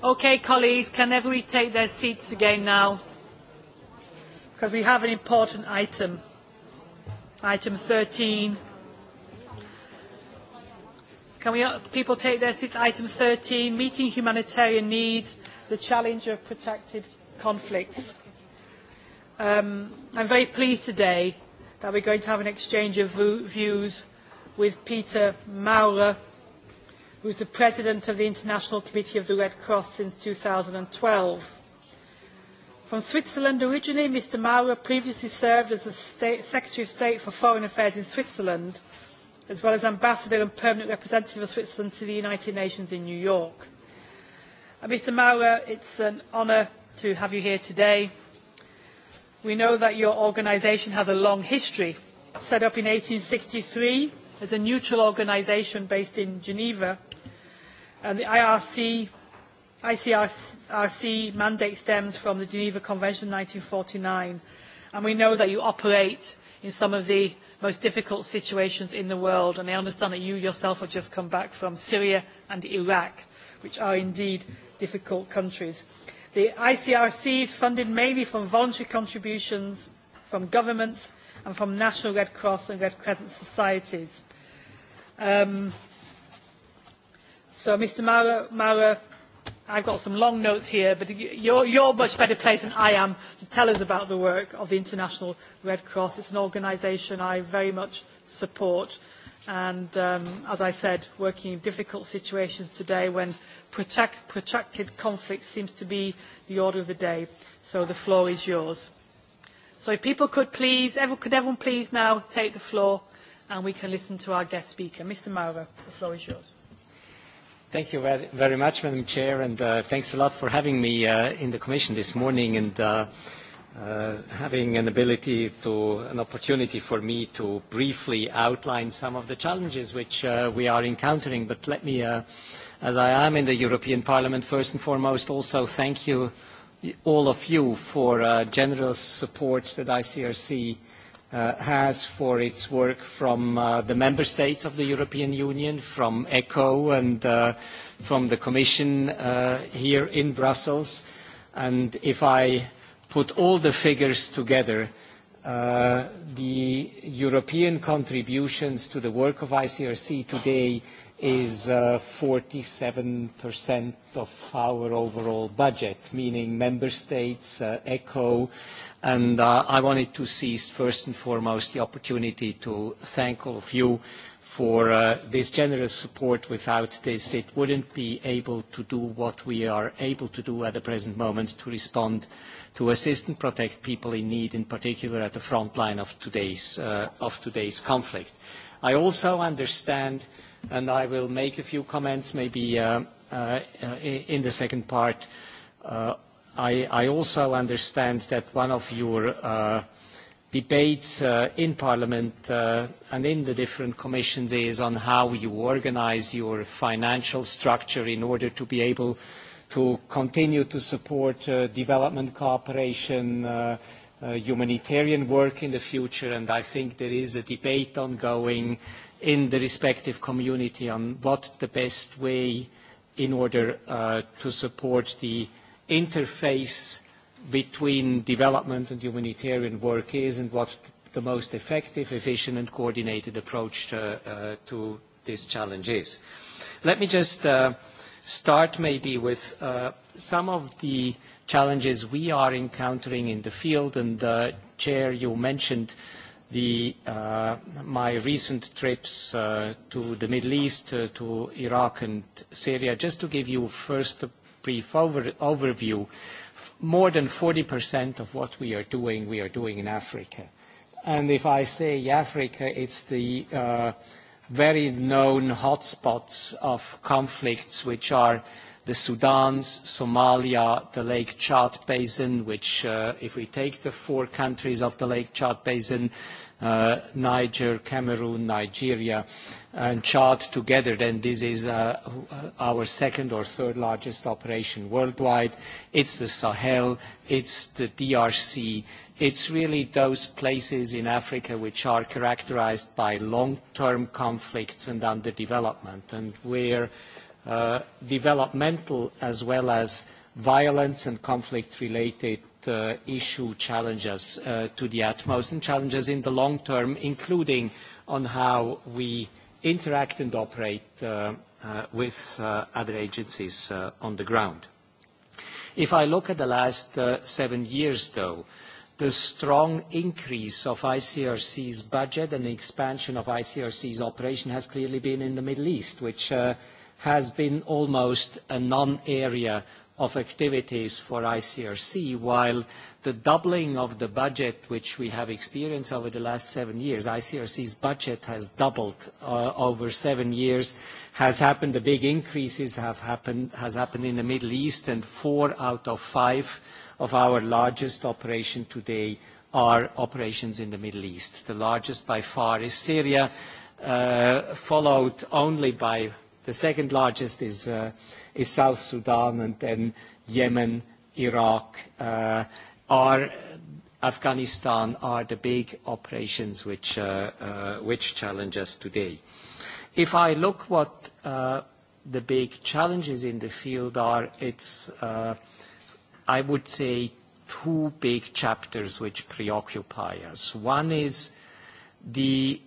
Okay, colleagues, can everybody take their seats again now? Because we have an important item, item 13. Can we, uh, people take their seats? Item 13, meeting humanitarian needs, the challenge of protected conflicts. Um, I'm very pleased today that we're going to have an exchange of views with Peter Maurer, who is the president of the International Committee of the Red Cross since 2012. From Switzerland originally, Mr. Maurer previously served as the State Secretary of State for Foreign Affairs in Switzerland, as well as Ambassador and Permanent Representative of Switzerland to the United Nations in New York. And Mr. Maurer, it's an honour to have you here today. We know that your organisation has a long history. Set up in 1863 as a neutral organisation based in Geneva, Uh, the IRC, ICRC mandate stems from the Geneva Convention 1949, and we know that you operate in some of the most difficult situations in the world, and I understand that you yourself have just come back from Syria and Iraq, which are indeed difficult countries. The ICRC is funded mainly from voluntary contributions from governments and from National Red Cross and Red Crescent societies. Um, So, Mr. Maurer, Maurer, I've got some long notes here, but you're, you're much better placed than I am to tell us about the work of the International Red Cross. It's an organisation I very much support. And um, as I said, working in difficult situations today when protect, protracted conflict seems to be the order of the day. So the floor is yours. So if people could please, everyone, could everyone please now take the floor and we can listen to our guest speaker. Mr. Maurer, the floor is yours. Thank you very, very much, Madam Chair, and uh, thanks a lot for having me uh, in the Commission this morning and uh, uh, having an ability to, an opportunity for me to briefly outline some of the challenges which uh, we are encountering. But let me, uh, as I am in the European Parliament, first and foremost also thank you, all of you, for uh, generous support that ICRC uh, Uh, has for its work from uh, the member states of the European Union, from ECHO and uh, from the Commission uh, here in Brussels. And if I put all the figures together, uh, the European contributions to the work of ICRC today is uh, 47% of our overall budget, meaning member states, uh, ECHO, And uh, I wanted to seize first and foremost the opportunity to thank all of you for uh, this generous support. Without this, it wouldn't be able to do what we are able to do at the present moment to respond to assist and protect people in need, in particular at the front line of today's, uh, of today's conflict. I also understand, and I will make a few comments maybe uh, uh, in the second part, uh, I also understand that one of your uh, debates uh, in Parliament uh, and in the different commissions is on how you organize your financial structure in order to be able to continue to support development cooperation, humanitarian work in the future. And I think there is a debate ongoing in the respective community on what the best way in order to support the interface between development and humanitarian work is and what the most effective, efficient and coordinated approach to, uh, to this challenge is. Let me just uh, start maybe with uh, some of the challenges we are encountering in the field and uh, Chair, you mentioned the, uh, my recent trips uh, to the Middle East, uh, to Iraq and Syria, just to give you first brief overview, more than 40% of what we are doing, we are doing in Africa. If I say Africa, it's the uh, very known hotspots of conflicts, which are the Sudan, Somalia, the Lake Chad Basin, which, uh, if we take the four countries of the Lake Chad Basin, Uh, Niger, Cameroon, Nigeria, and Chad together, then this is uh, our second or third largest operation worldwide. It's the Sahel, it's the DRC. It's really those places in Africa which are characterized by long-term conflicts and underdevelopment, and where uh, developmental as well as violence and conflict-related that uh, issue challenge us uh, to the utmost and challenge us in the long term, including on how we interact and operate uh, with other agencies on the ground. If I look at the last seven years, though, the strong increase of ICRC's budget and the expansion of ICRC's operation has clearly been in the Middle East, which has been almost a non-area of activities for ICRC, while the doubling of the budget, which we have experienced over the last seven years, ICRC's budget has doubled uh, over seven years, has happened. The big increases have happened in the Middle East, and four out of five of our largest operation today are operations in the Middle East. The largest by far is Syria, uh, followed only by the second largest is uh, is South Sudan and then Yemen, Iraq, uh, are Afghanistan are the big operations which, uh, uh, which challenge us today. If I look what uh, the big challenges in the field are, it's, uh, I would say, two big chapters which preoccupy us. One is the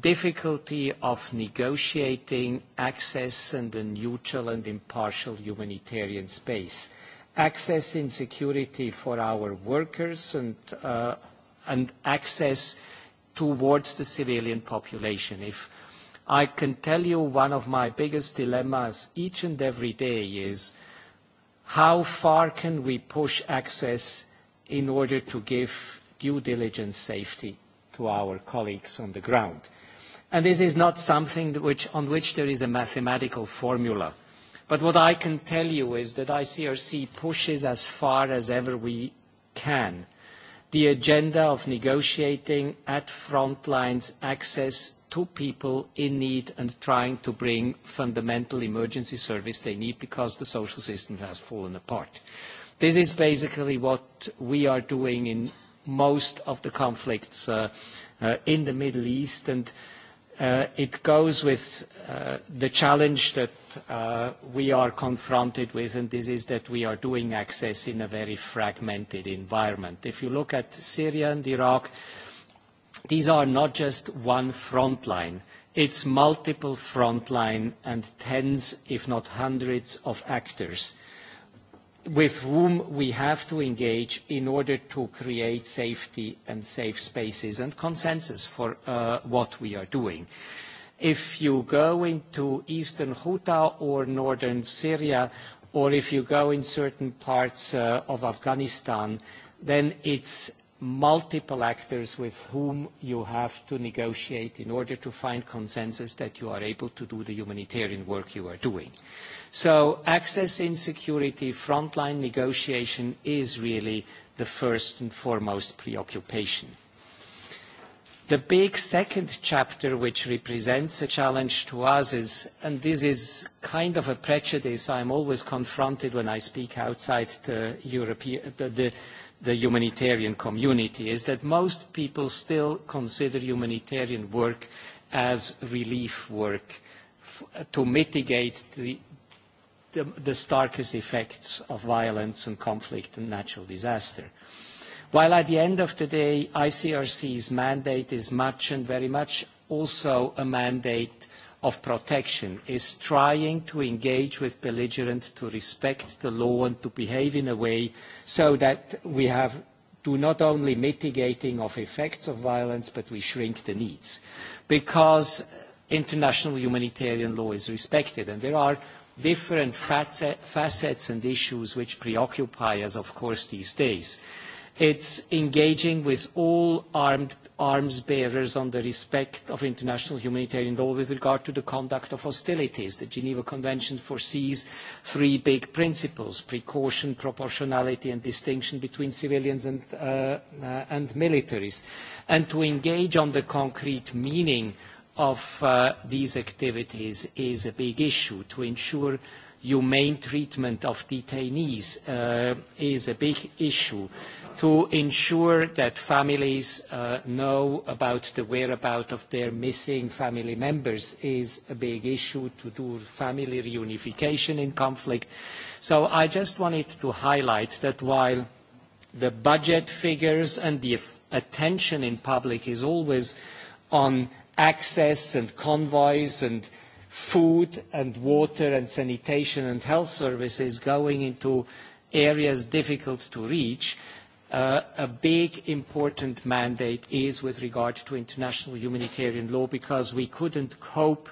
difficulty of negotiating access and a neutral and impartial humanitarian space. Access in security for our workers and, uh, and access towards the civilian population. If I can tell you one of my biggest dilemmas each and every day is how far can we push access in order to give due diligence safety to our colleagues on the ground. This is not something on which there is a mathematical formula. What I can tell you is that ICRC pushes as far as ever we can the agenda of negotiating at front lines access to people in need and trying to bring fundamental emergency service they need because the social system has fallen apart. This is basically what we are doing in most of the conflicts uh, uh, in the Middle East, Uh, it goes with uh, the challenge that uh, we are confronted with, and this is that we are doing access in a very fragmented environment. If you look at Syria and Iraq, these are not just one frontline. It's multiple frontline and tens, if not hundreds, of actors with whom we have to engage in order to create safety and safe spaces and consensus for uh, what we are doing. If you go into eastern Ghouta or northern Syria, or if you go in certain parts uh, of Afghanistan, then it's multiple actors with whom you have to negotiate in order to find consensus that you are able to do the humanitarian work you are doing. Uh, So access insecurity, frontline negotiation is really the first and foremost preoccupation. The big second chapter which represents a challenge to us is, and this is kind of a prejudice I'm always confronted when I speak outside the, European, the, the, the humanitarian community, is that most people still consider humanitarian work as relief work f to mitigate the, the starkest effects of violence and conflict and natural disaster. While at the end of the day, ICRC's mandate is much and very much also a mandate of protection, is trying to engage with belligerent to respect the law and to behave in a way so that we have to not only mitigating of effects of violence, but we shrink the needs. Because international humanitarian law is respected, and there are different facets and issues which preoccupy us, of course, these days. It's engaging with all armed arms bearers on the respect of international humanitarian law with regard to the conduct of hostilities. The Geneva Convention foresees three big principles, precaution, proportionality and distinction between civilians and, uh, uh, and militaries. And to engage on the concrete meaning of uh, these activities is a big issue. To ensure humane treatment of detainees uh, is a big issue. To ensure that families uh, know about the whereabout of their missing family members is a big issue. To do family reunification in conflict. I just wanted to highlight that while the budget figures and the attention in public is always on access and convoys and food and water and sanitation and health services going into areas difficult to reach, uh, a big important mandate is with regard to international humanitarian law because we couldn't cope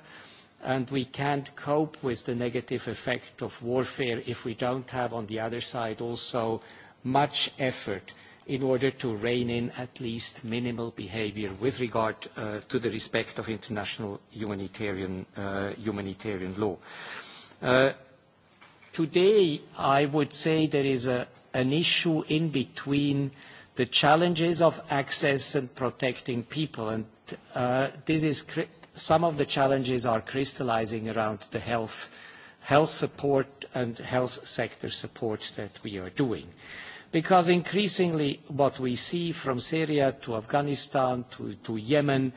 and we can't cope with the negative effect of warfare if we don't have on the other side also much effort uh, in order to rein in at least minimal behavior with regard uh, to the respect of international humanitarian, uh, humanitarian law. Uh, today, I would say there is a, an issue in between the challenges of access and protecting people, and uh, this is some of the challenges are crystallizing around the health, health support and health sector support that we are doing. Uh, because increasingly what we see from Syria to Afghanistan to, to Yemen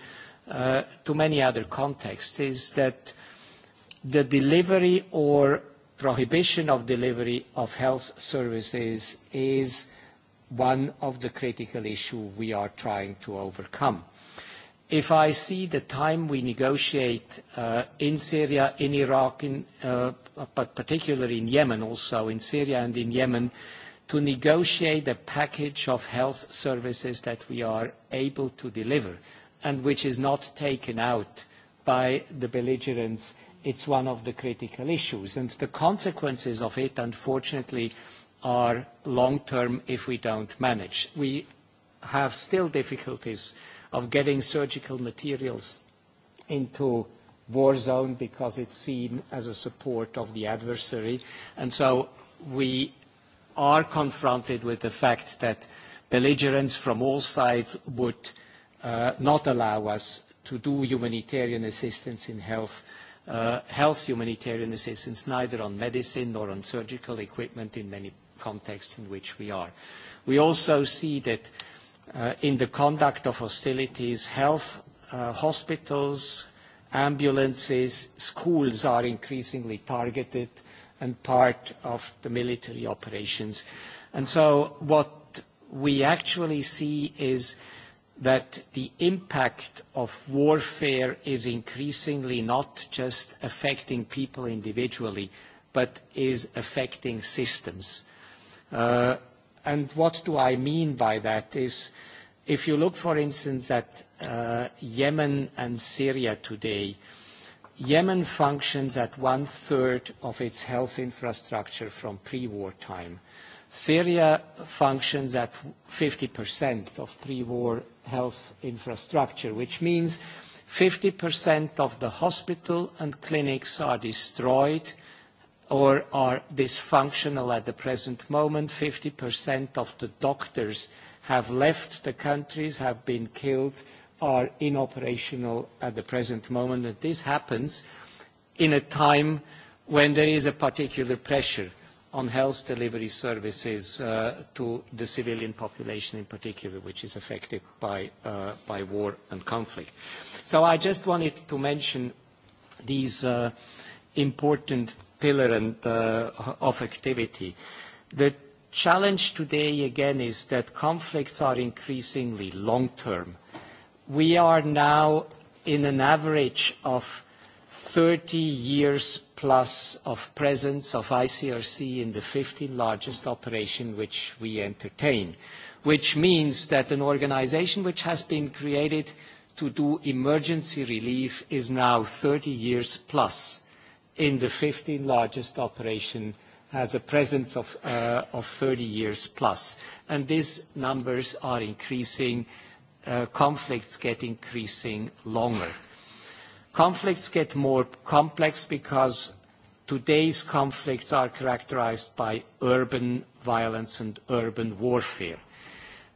uh, to many other contexts is that the delivery or prohibition of delivery of health services is one of the critical issues we are trying to overcome. If I see the time we negotiate uh, in Syria, in Iraq, in, uh, but particularly in Yemen also, in Syria and in Yemen, uh, to negotiate a package of health services that we are able to deliver and which is not taken out by the belligerents. It's one of the critical issues. And the consequences of it, unfortunately, are long-term if we don't manage. We have still difficulties of getting surgical materials into war zone because it's seen as a support of the adversary. And so we are confronted with the fact that belligerents from all sides would uh, not allow us to do humanitarian assistance in health, uh, health humanitarian assistance, neither on medicine nor on surgical equipment in many contexts in which we are. We also see that uh, in the conduct of hostilities, health uh, hospitals, ambulances, schools are increasingly targeted and part of the military operations. What we actually see is that the impact of warfare is increasingly not just affecting people individually, but is affecting systems. Uh, what do I mean by that is, if you look, for instance, at uh, Yemen and Syria today, Yemen functions at one-third of its health infrastructure from pre-war time. Syria functions at 50% of pre-war health infrastructure, which means 50% of the hospital and clinics are destroyed or are dysfunctional at the present moment. 50% of the doctors have left the countries, have been killed are in operational at the present moment, and this happens in a time when there is a particular pressure on health delivery services uh, to the civilian population in particular, which is affected by uh, war and conflict. I just wanted to mention these uh, important pillar of activity. The challenge today, again, is that conflicts are increasingly long-term, We are now in an average of 30 years plus of presence of ICRC in the 15 largest operation which we entertain. Which means that an organization which has been created to do emergency relief is now 30 years plus in the 15 largest operation, has a presence of 30 uh, years plus. These numbers are increasing Uh, conflicts get increasing longer. Conflicts get more complex because today's conflicts are characterized by urban violence and urban warfare.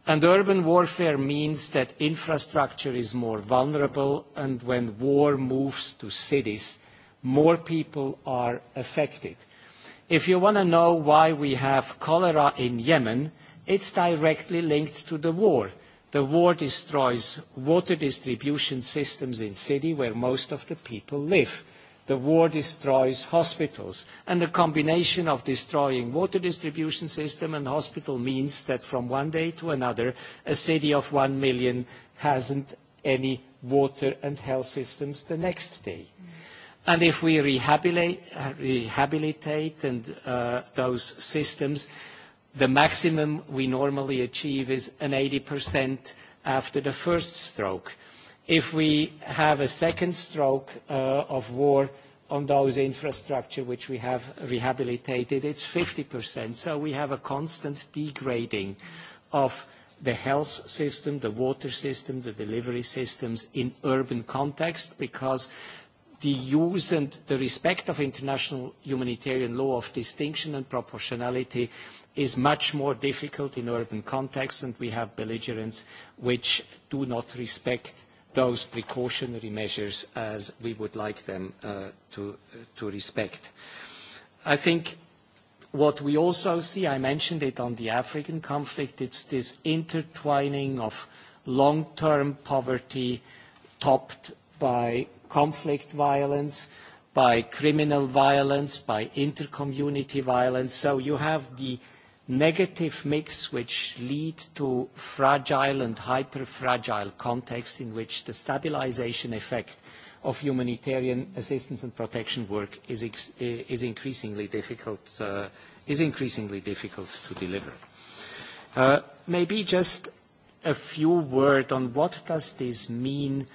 Urban warfare means that infrastructure is more vulnerable, and when war moves to cities, more people are affected. If you want to know why we have cholera in Yemen, it's directly linked to the war. The war destroys water distribution systems in cities where most of the people live. The war destroys hospitals. And the combination of destroying water distribution system and hospital means that from one day to another, a city of one million hasn't any water and health systems the next day. And if we rehabilitate, uh, rehabilitate and, uh, those systems, The maximum we normally achieve is an 80% after the first stroke. If we have a second stroke uh, of war on those infrastructure which we have rehabilitated, it's 50%. We have a constant degrading of the health system, the water system, the delivery systems in urban context because the use and the respect of international humanitarian law of distinction and proportionality is much more difficult in urban contexts, and we have belligerents which do not respect those precautionary measures as we would like them uh, to respect. I think what we also see, I mentioned it on the African conflict, it's this intertwining of long-term poverty topped by conflict violence, by criminal violence, by intercommunity violence. You have the negative mix which lead to fragile and hyper-fragile context in which the stabilization effect of humanitarian assistance and protection work is, ex eh, is, increasingly, difficult, uh, is increasingly difficult to deliver. Uh, maybe just a few words on what does this mean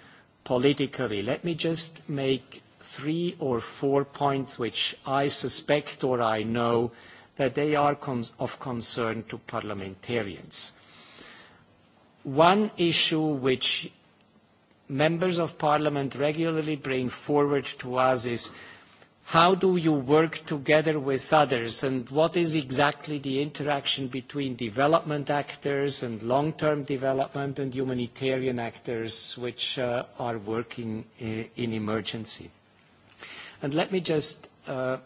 politically. Let me just make three or four points which I suspect or I know that they are cons of concern to parliamentarians. One issue which members of parliament regularly bring forward to us is how do you work together with others and what is exactly the interaction between development actors and long-term development and humanitarian actors which uh, are working in emergency. And let me just uh,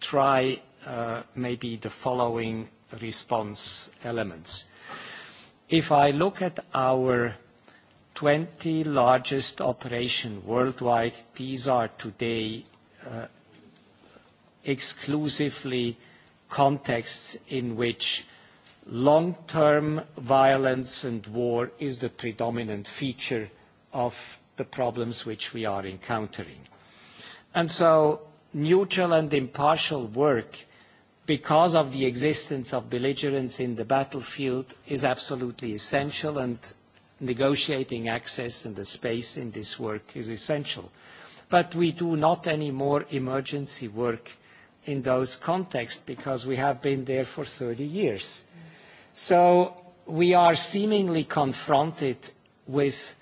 try Uh, maybe the following response elements. If I look at our 20 largest operation worldwide, these are today uh, exclusively contexts in which long-term violence and war is the predominant feature of the problems which we are encountering. And so neutral and impartial work because of the existence of belligerents in the battlefield is absolutely essential and negotiating access and the space in this work is essential. But we do not any more emergency work in those contexts because we have been there for 30 years. So we are seemingly confronted with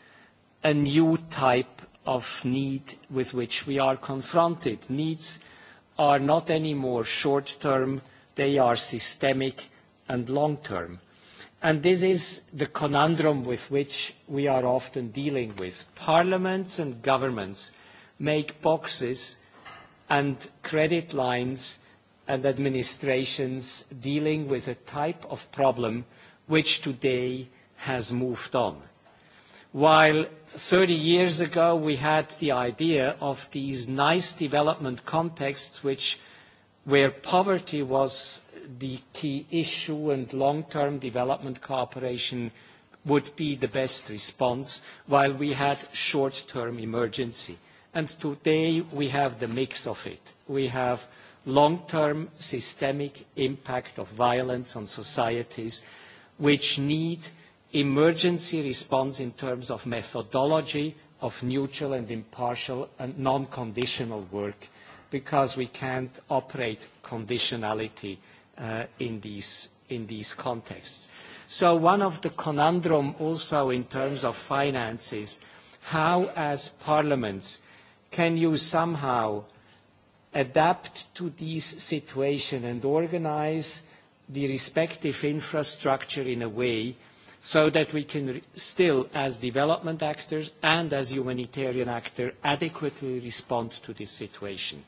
a new type of need with which we are confronted. Needs are not anymore short term, they are systemic and long term. And this is the conundrum with which we are often dealing with. Parliaments and governments make boxes and credit lines and administrations dealing with a type of problem which today has moved on. While 30 years ago, we had the idea of these nice development contexts where poverty was the key issue and long-term development cooperation would be the best response while we had short-term emergency. Today, we have the mix of it. We have long-term systemic impact of violence on societies, which need emergency response in terms of methodology, of neutral and impartial and non-conditional work, because we can't operate conditionality uh, in these contexts. One of the conundrum also in terms of finance is how, as parliaments, can you somehow adapt to this situation and organize the respective infrastructure in a way so that we can still, as development actors and as humanitarian actor, adequately respond to this situation.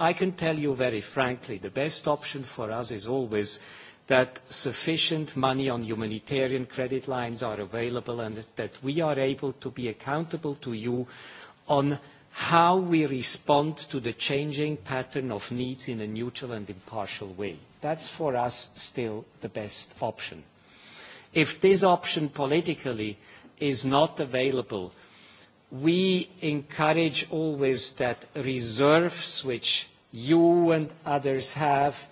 I can tell you very frankly, the best option for us is always that sufficient money on humanitarian credit lines are available and that we are able to be accountable to you on how we respond to the changing pattern of needs in a neutral and impartial way. That's for us still the best option. If this option politically is not available, we encourage always that reserves, which you and others have,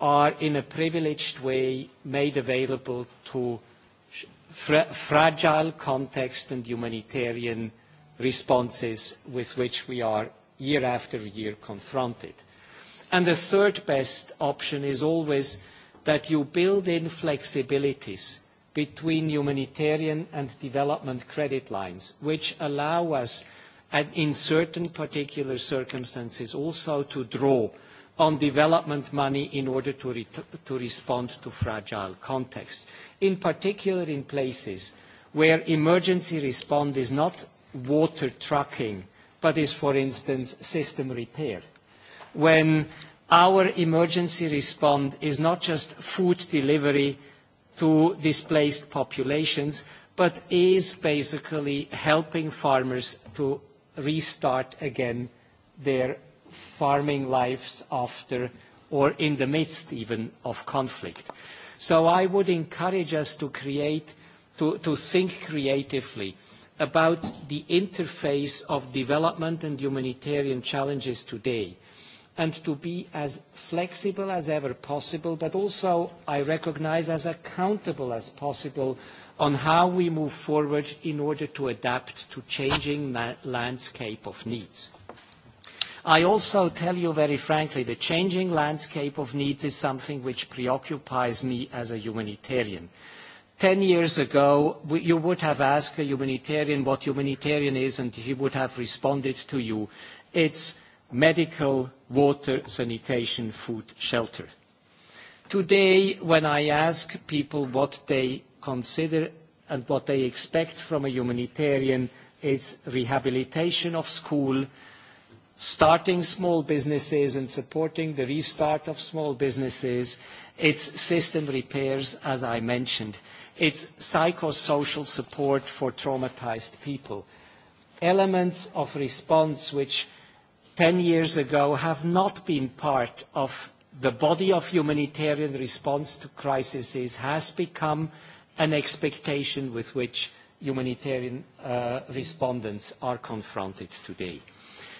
are in a privileged way made available to fra fragile context and humanitarian responses with which we are year after year confronted. And the third best option is always that you build in flexibilities between humanitarian and development credit lines, which allow us, uh, in certain particular circumstances, also to draw on development money in order to respond to fragile contexts. In particular, in places where emergency response is not water trucking, but is, for instance, system repair. When our emergency response is not just food delivery, to displaced populations, but is basically helping farmers to restart again their farming lives after or in the midst even of conflict. I would encourage us to think creatively about the interface of development and humanitarian challenges today and to be as flexible as ever possible, but also, I recognize, as accountable as possible on how we move forward in order to adapt to changing landscape of needs. I also tell you very frankly, the changing landscape of needs is something which preoccupies me as a humanitarian. Ten years ago, you would have asked a humanitarian what humanitarian is, and he would have responded to you. It's medical, water, sanitation, food, shelter. Today, when I ask people what they consider and what they expect from a humanitarian, it's rehabilitation of school, starting small businesses and supporting the restart of small businesses, it's system repairs, as I mentioned, it's psychosocial support for traumatized people. Elements of response which 10 years ago have not been part of the body of humanitarian response to crises has become an expectation with which humanitarian uh, respondents are confronted today.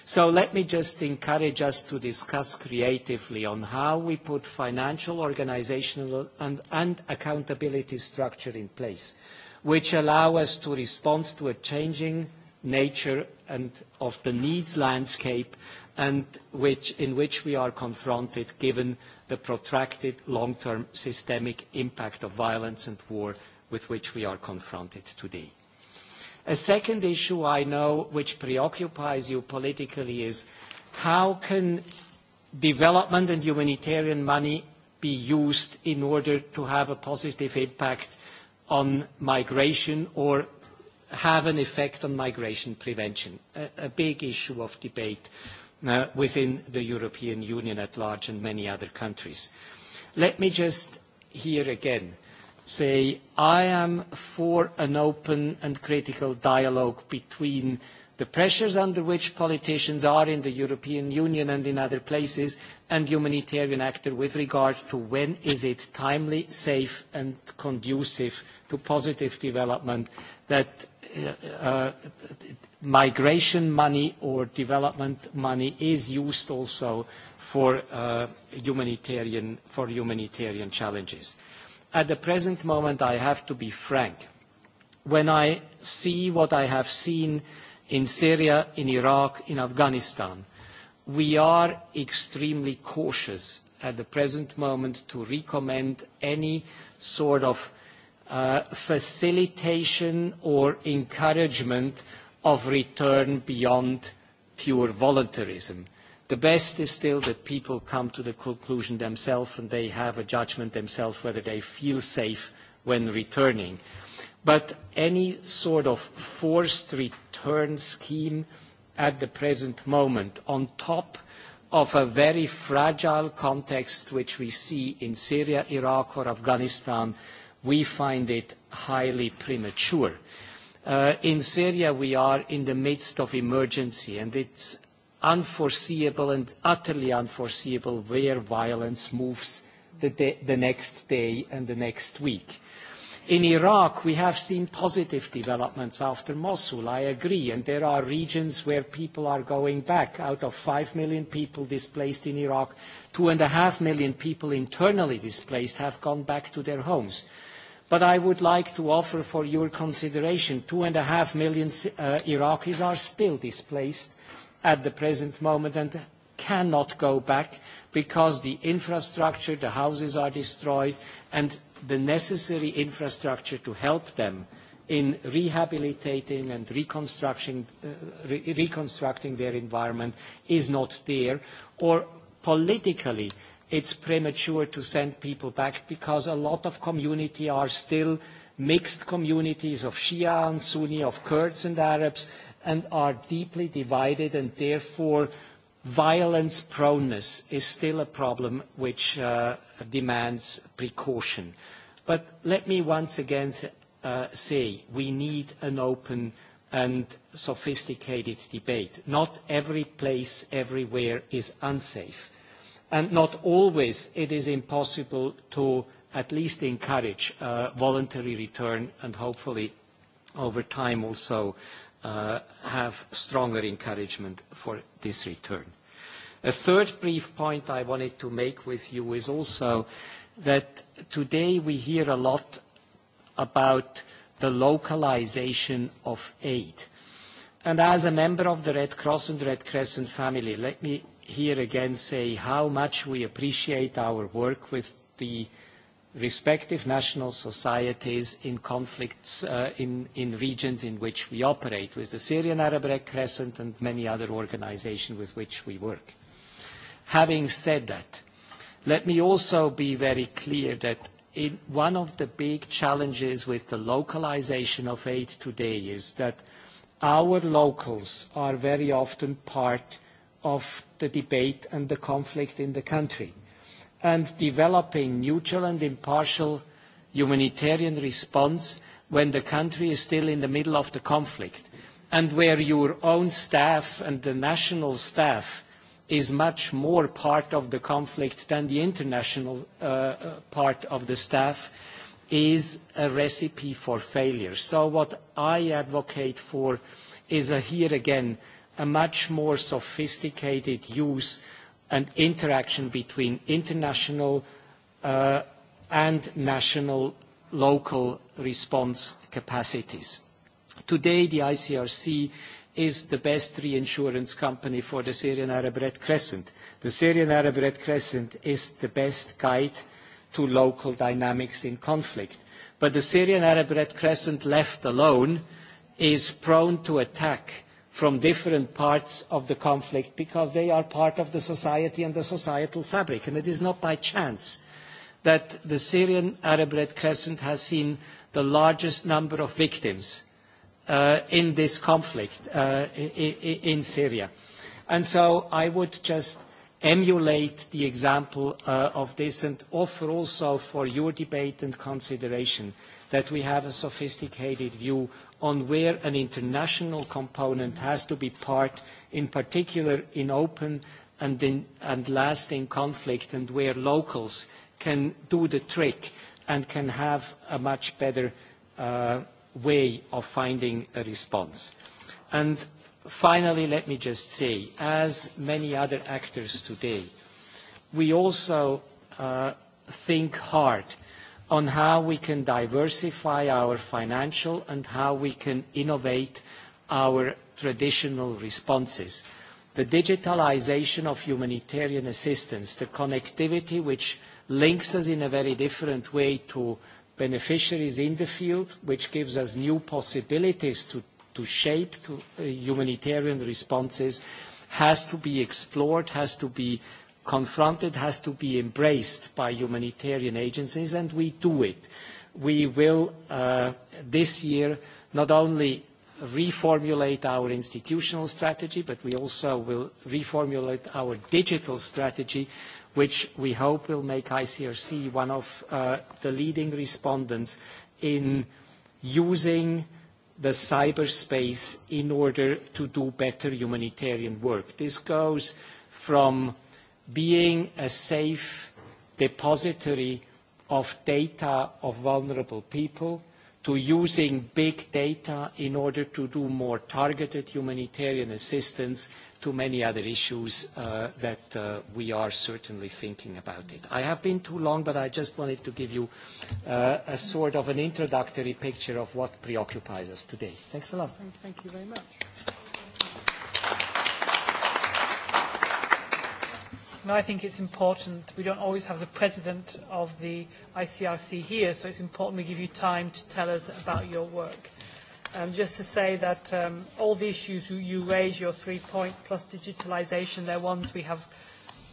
So let me just encourage us to discuss creatively on how we put financial, organizational and, and accountability structure in place, which allow us to respond to a changing nature and of the needs landscape and which, in which we are confronted given the protracted long-term systemic impact of violence and war with which we are confronted today. A second issue I know which preoccupies you politically is how can development and humanitarian money be used in order to have a positive impact on migration or have an effect on migration prevention, a, a big issue of debate uh, within the European Union at large and many other countries. Let me just here again say I am for an open and critical dialogue between the pressures under which politicians are in the European Union and in other places and humanitarian actor with regard to when is it timely, safe and conducive to positive development that Uh, migration money or development money is used also uh, for humanitarian challenges. At the present moment, I have to be frank. When I see what I have seen in Syria, in Iraq, in Afghanistan, we are extremely cautious at the present moment to recommend any sort of Uh, facilitation or encouragement of return beyond pure voluntarism. The best is still that people come to the conclusion themselves and they have a judgment themselves whether they feel safe when returning. But any sort of forced return scheme at the present moment on top of a very fragile context which we see in Syria, Iraq or Afghanistan, we find it highly premature. Uh, in Syria, we are in the midst of emergency, and it's unforeseeable and utterly unforeseeable where violence moves the, the next day and the next week. In Iraq, we have seen positive developments after Mosul, I agree, and there are regions where people are going back. Out of 5 million people displaced in Iraq, 2.5 million people internally displaced have gone back to their homes. But I would like to offer for your consideration, 2.5 million uh, Iraqis are still displaced at the present moment and cannot go back because the infrastructure, the houses are destroyed, and the necessary infrastructure to help them in rehabilitating and reconstructing uh, their environment is not there. Politically, it's premature to send people back because a lot of community are still mixed communities of Shia and Sunni, of Kurds and Arabs, and are deeply divided, and therefore, violence proneness is still a problem which uh, demands precaution. Let me once again uh, say, we need an open and sophisticated debate. Not every place everywhere is unsafe, and not always it is impossible to at least encourage uh, voluntary return and hopefully over time also uh, have stronger encouragement for this return. A third brief point I wanted to make with you is also that today we hear a lot about the localization of aid. As a member of the Red Cross and Red Crescent family, let me here again say how much we appreciate our work with the respective national societies in conflicts uh, in regions in which we operate, with the Syrian Arab Red Crescent and many other organizations with which we work. Having said that, let me also be very clear that one of the big challenges with the localization of aid today is that our locals are very often part of the debate and the conflict in the country. Developing neutral and impartial humanitarian response when the country is still in the middle of the conflict, and where your own staff and the national staff is much more part of the conflict than the international uh, uh, part of the staff is a recipe for failure. So what I advocate for is a, here again a much more sophisticated use and interaction between international uh, and national local response capacities. Today the ICRC uh, is the best reinsurance company for the Syrian Arab Red Crescent. The Syrian Arab Red Crescent is the best guide to local dynamics in conflict. But the Syrian Arab Red Crescent left alone is prone to attack from different parts of the conflict because they are part of the society and the societal fabric. And it is not by chance that the Syrian Arab Red Crescent has seen the largest number of victims uh, in this conflict uh, in, in Syria. And so I would just emulate the example uh, of this and offer also for your debate and consideration that we have a sophisticated view on where an international component has to be part, in particular in open and, in, and lasting conflict, and where locals can do the trick and can have a much better uh, way of finding a response. And finally, let me just say, as many other actors today, we also uh, think hard on how we can diversify our financial and how we can innovate our traditional responses. The digitalization of humanitarian assistance, the connectivity which links us in a very different way to beneficiaries in the field, which gives us new possibilities to shape uh, humanitarian responses, has to be explored, has to be confronted, has to be embraced by humanitarian agencies, and we do it. We will, uh, this year, not only reformulate our institutional strategy, but we also will reformulate our digital strategy which we hope will make ICRC one of uh, the leading respondents in using the cyberspace in order to do better humanitarian work. This goes from being a safe depository of data of vulnerable people to using big data in order to do more targeted humanitarian assistance to many other issues uh, that uh, we are certainly thinking about it. I have been too long, but I just wanted to give you uh, a sort of an introductory picture of what preoccupies us today. Thanks a lot. Thank, thank you very much. No, I think it's important. We don't always have the president of the ICRC here, so it's important we give you time to tell us about your work. Um, just to say that um, all the issues you raise, your three points plus digitalization, they're ones we, have,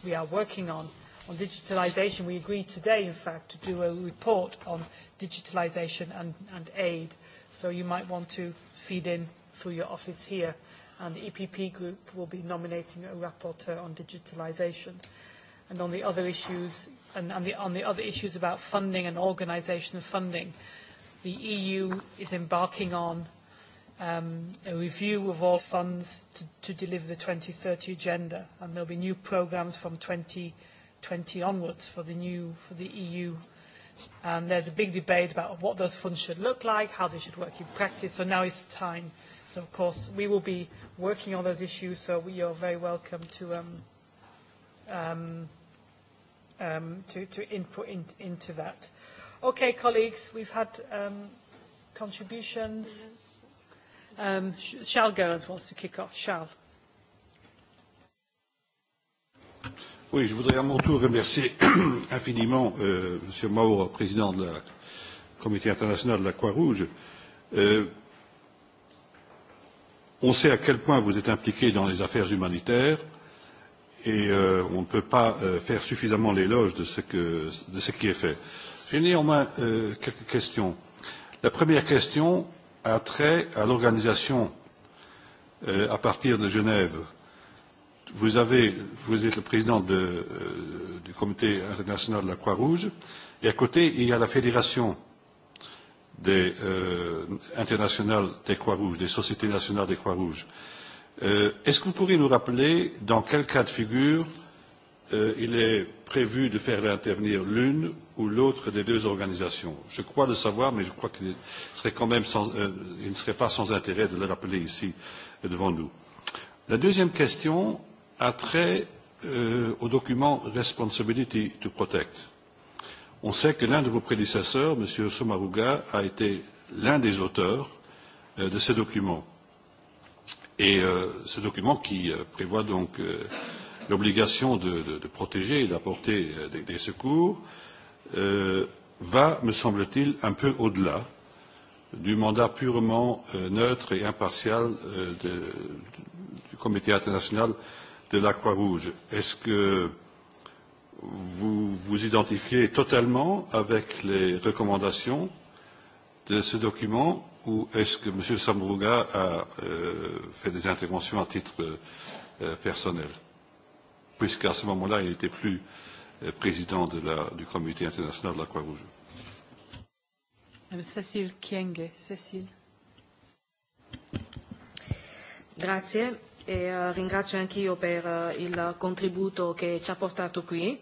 we are working on. On digitalization, we agreed today, in fact, to do a report on digitalization and, and aid. So you might want to feed in through your office here and the EPP group will be nominating a rapporteur on digitalization. And on the other issues, and, and the, on the other issues about funding and organization of funding, the EU is embarking on um, a review of all funds to, to deliver the 2030 agenda, and there'll be new programs from 2020 onwards for the new, for the EU. And there's a big debate about what those funds should look like, how they should work in practice, so now is the time. So, of course, we will be working on those issues, so we are very welcome to um, um, um, to, to input in, into that. Okay, colleagues, we've had um, contributions. Um, Shall Goins wants to kick off. Shall. Oui, je voudrais à mon tour remercier infiniment euh, M. Mauro, président de la Comité international de la Croix-Rouge. Euh, On sait à quel point vous êtes impliqué dans les affaires humanitaires et euh, on ne peut pas euh, faire suffisamment l'éloge de, de ce qui est fait. J'ai néanmoins euh, quelques questions. La première question a trait à l'organisation euh, à partir de Genève. Vous, avez, vous êtes le président de, euh, du comité international de la Croix-Rouge et à côté, il y a la fédération des euh, internationales des Croix-Rouges, des sociétés nationales des Croix-Rouges. Euh, est-ce euh, que vous pourriez nous rappeler dans quel cas de figure euh, il est prévu de faire intervenir l'une ou l'autre des deux organisations Je crois le savoir, mais je crois qu'il serait quand même sans, euh, il ne serait pas sans intérêt de le rappeler ici euh, devant nous. La deuxième question a trait euh, au document Responsibility to Protect. Euh, On sait que l'un de vos prédécesseurs, M. Somaruga, a été l'un des auteurs euh, de ces documents. Et euh, ce document qui euh, prévoit donc euh, l'obligation de, de, de protéger et d'apporter euh, des, des secours euh, va, me semble-t-il, un peu au-delà du mandat purement euh, neutre et impartial euh, de, du Comité international de la Croix-Rouge. Est-ce que euh, vous vous identifiez totalement avec les recommandations de ce document ou est-ce que M. Samruga a euh, fait des interventions à titre euh, personnel puisqu'à ce moment-là, il n'était plus euh, président de la, du comité international de la Croix-Rouge euh, Cécile Kienge, Cécile. Grazie e uh, ringrazio anch'io per uh, il contributo che ci ha portato qui.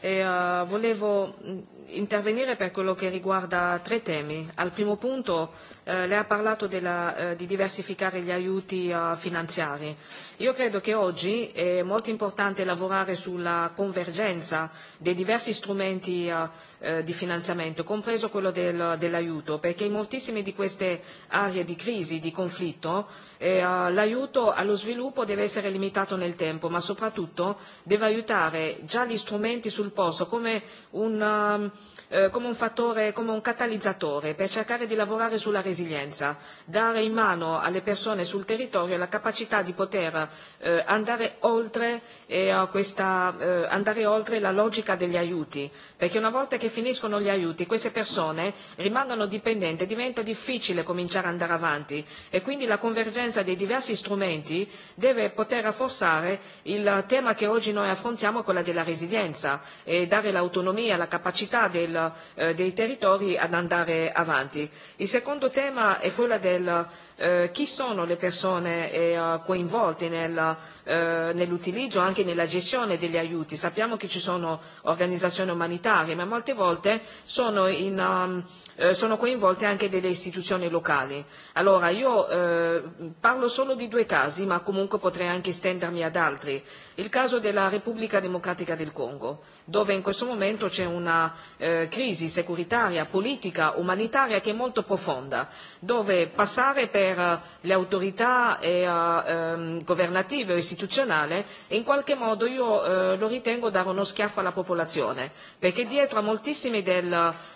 E, uh, volevo mh, mm, intervenire per quello che riguarda tre temi. Al primo punto eh, lei ha parlato della, eh, di diversificare gli aiuti eh, finanziari. Io credo che oggi è molto importante lavorare sulla convergenza dei diversi strumenti eh, eh, di finanziamento, compreso quello del, dell'aiuto, perché in moltissime di queste aree di crisi, di conflitto, eh, l'aiuto allo sviluppo deve essere limitato nel tempo, ma soprattutto deve aiutare già gli strumenti sul posto come un um, Eh, come un fattore, come un catalizzatore per cercare di lavorare sulla resilienza, dare in mano alle persone sul territorio la capacità di poter eh, andare, oltre, eh, questa, eh, andare oltre la logica degli aiuti, perché una volta che finiscono gli aiuti queste persone rimangono dipendenti e diventa difficile cominciare ad andare avanti e quindi la convergenza dei diversi strumenti deve poter rafforzare il tema che oggi noi affrontiamo, quella della resilienza e dare l'autonomia, la capacità del, eh, dei territori ad andare avanti. Il secondo tema è quello del, eh, Eh, chi sono le persone eh, coinvolte nel, eh, nell'utilizzo e anche nella gestione degli aiuti. Sappiamo che ci sono organizzazioni umanitarie, ma molte volte sono, in, um, eh, sono coinvolte anche delle istituzioni locali. Allora, io eh, parlo solo di due casi, ma comunque potrei anche estendermi ad altri. Il caso della Repubblica Democratica del Congo, dove in questo momento c'è una eh, crisi securitaria, politica, umanitaria che è molto profonda, dove passare per per eh, le autorità e, uh, um, governative o istituzionali e in qualche modo io uh, lo ritengo dare uno schiaffo alla popolazione perché dietro a moltissime del,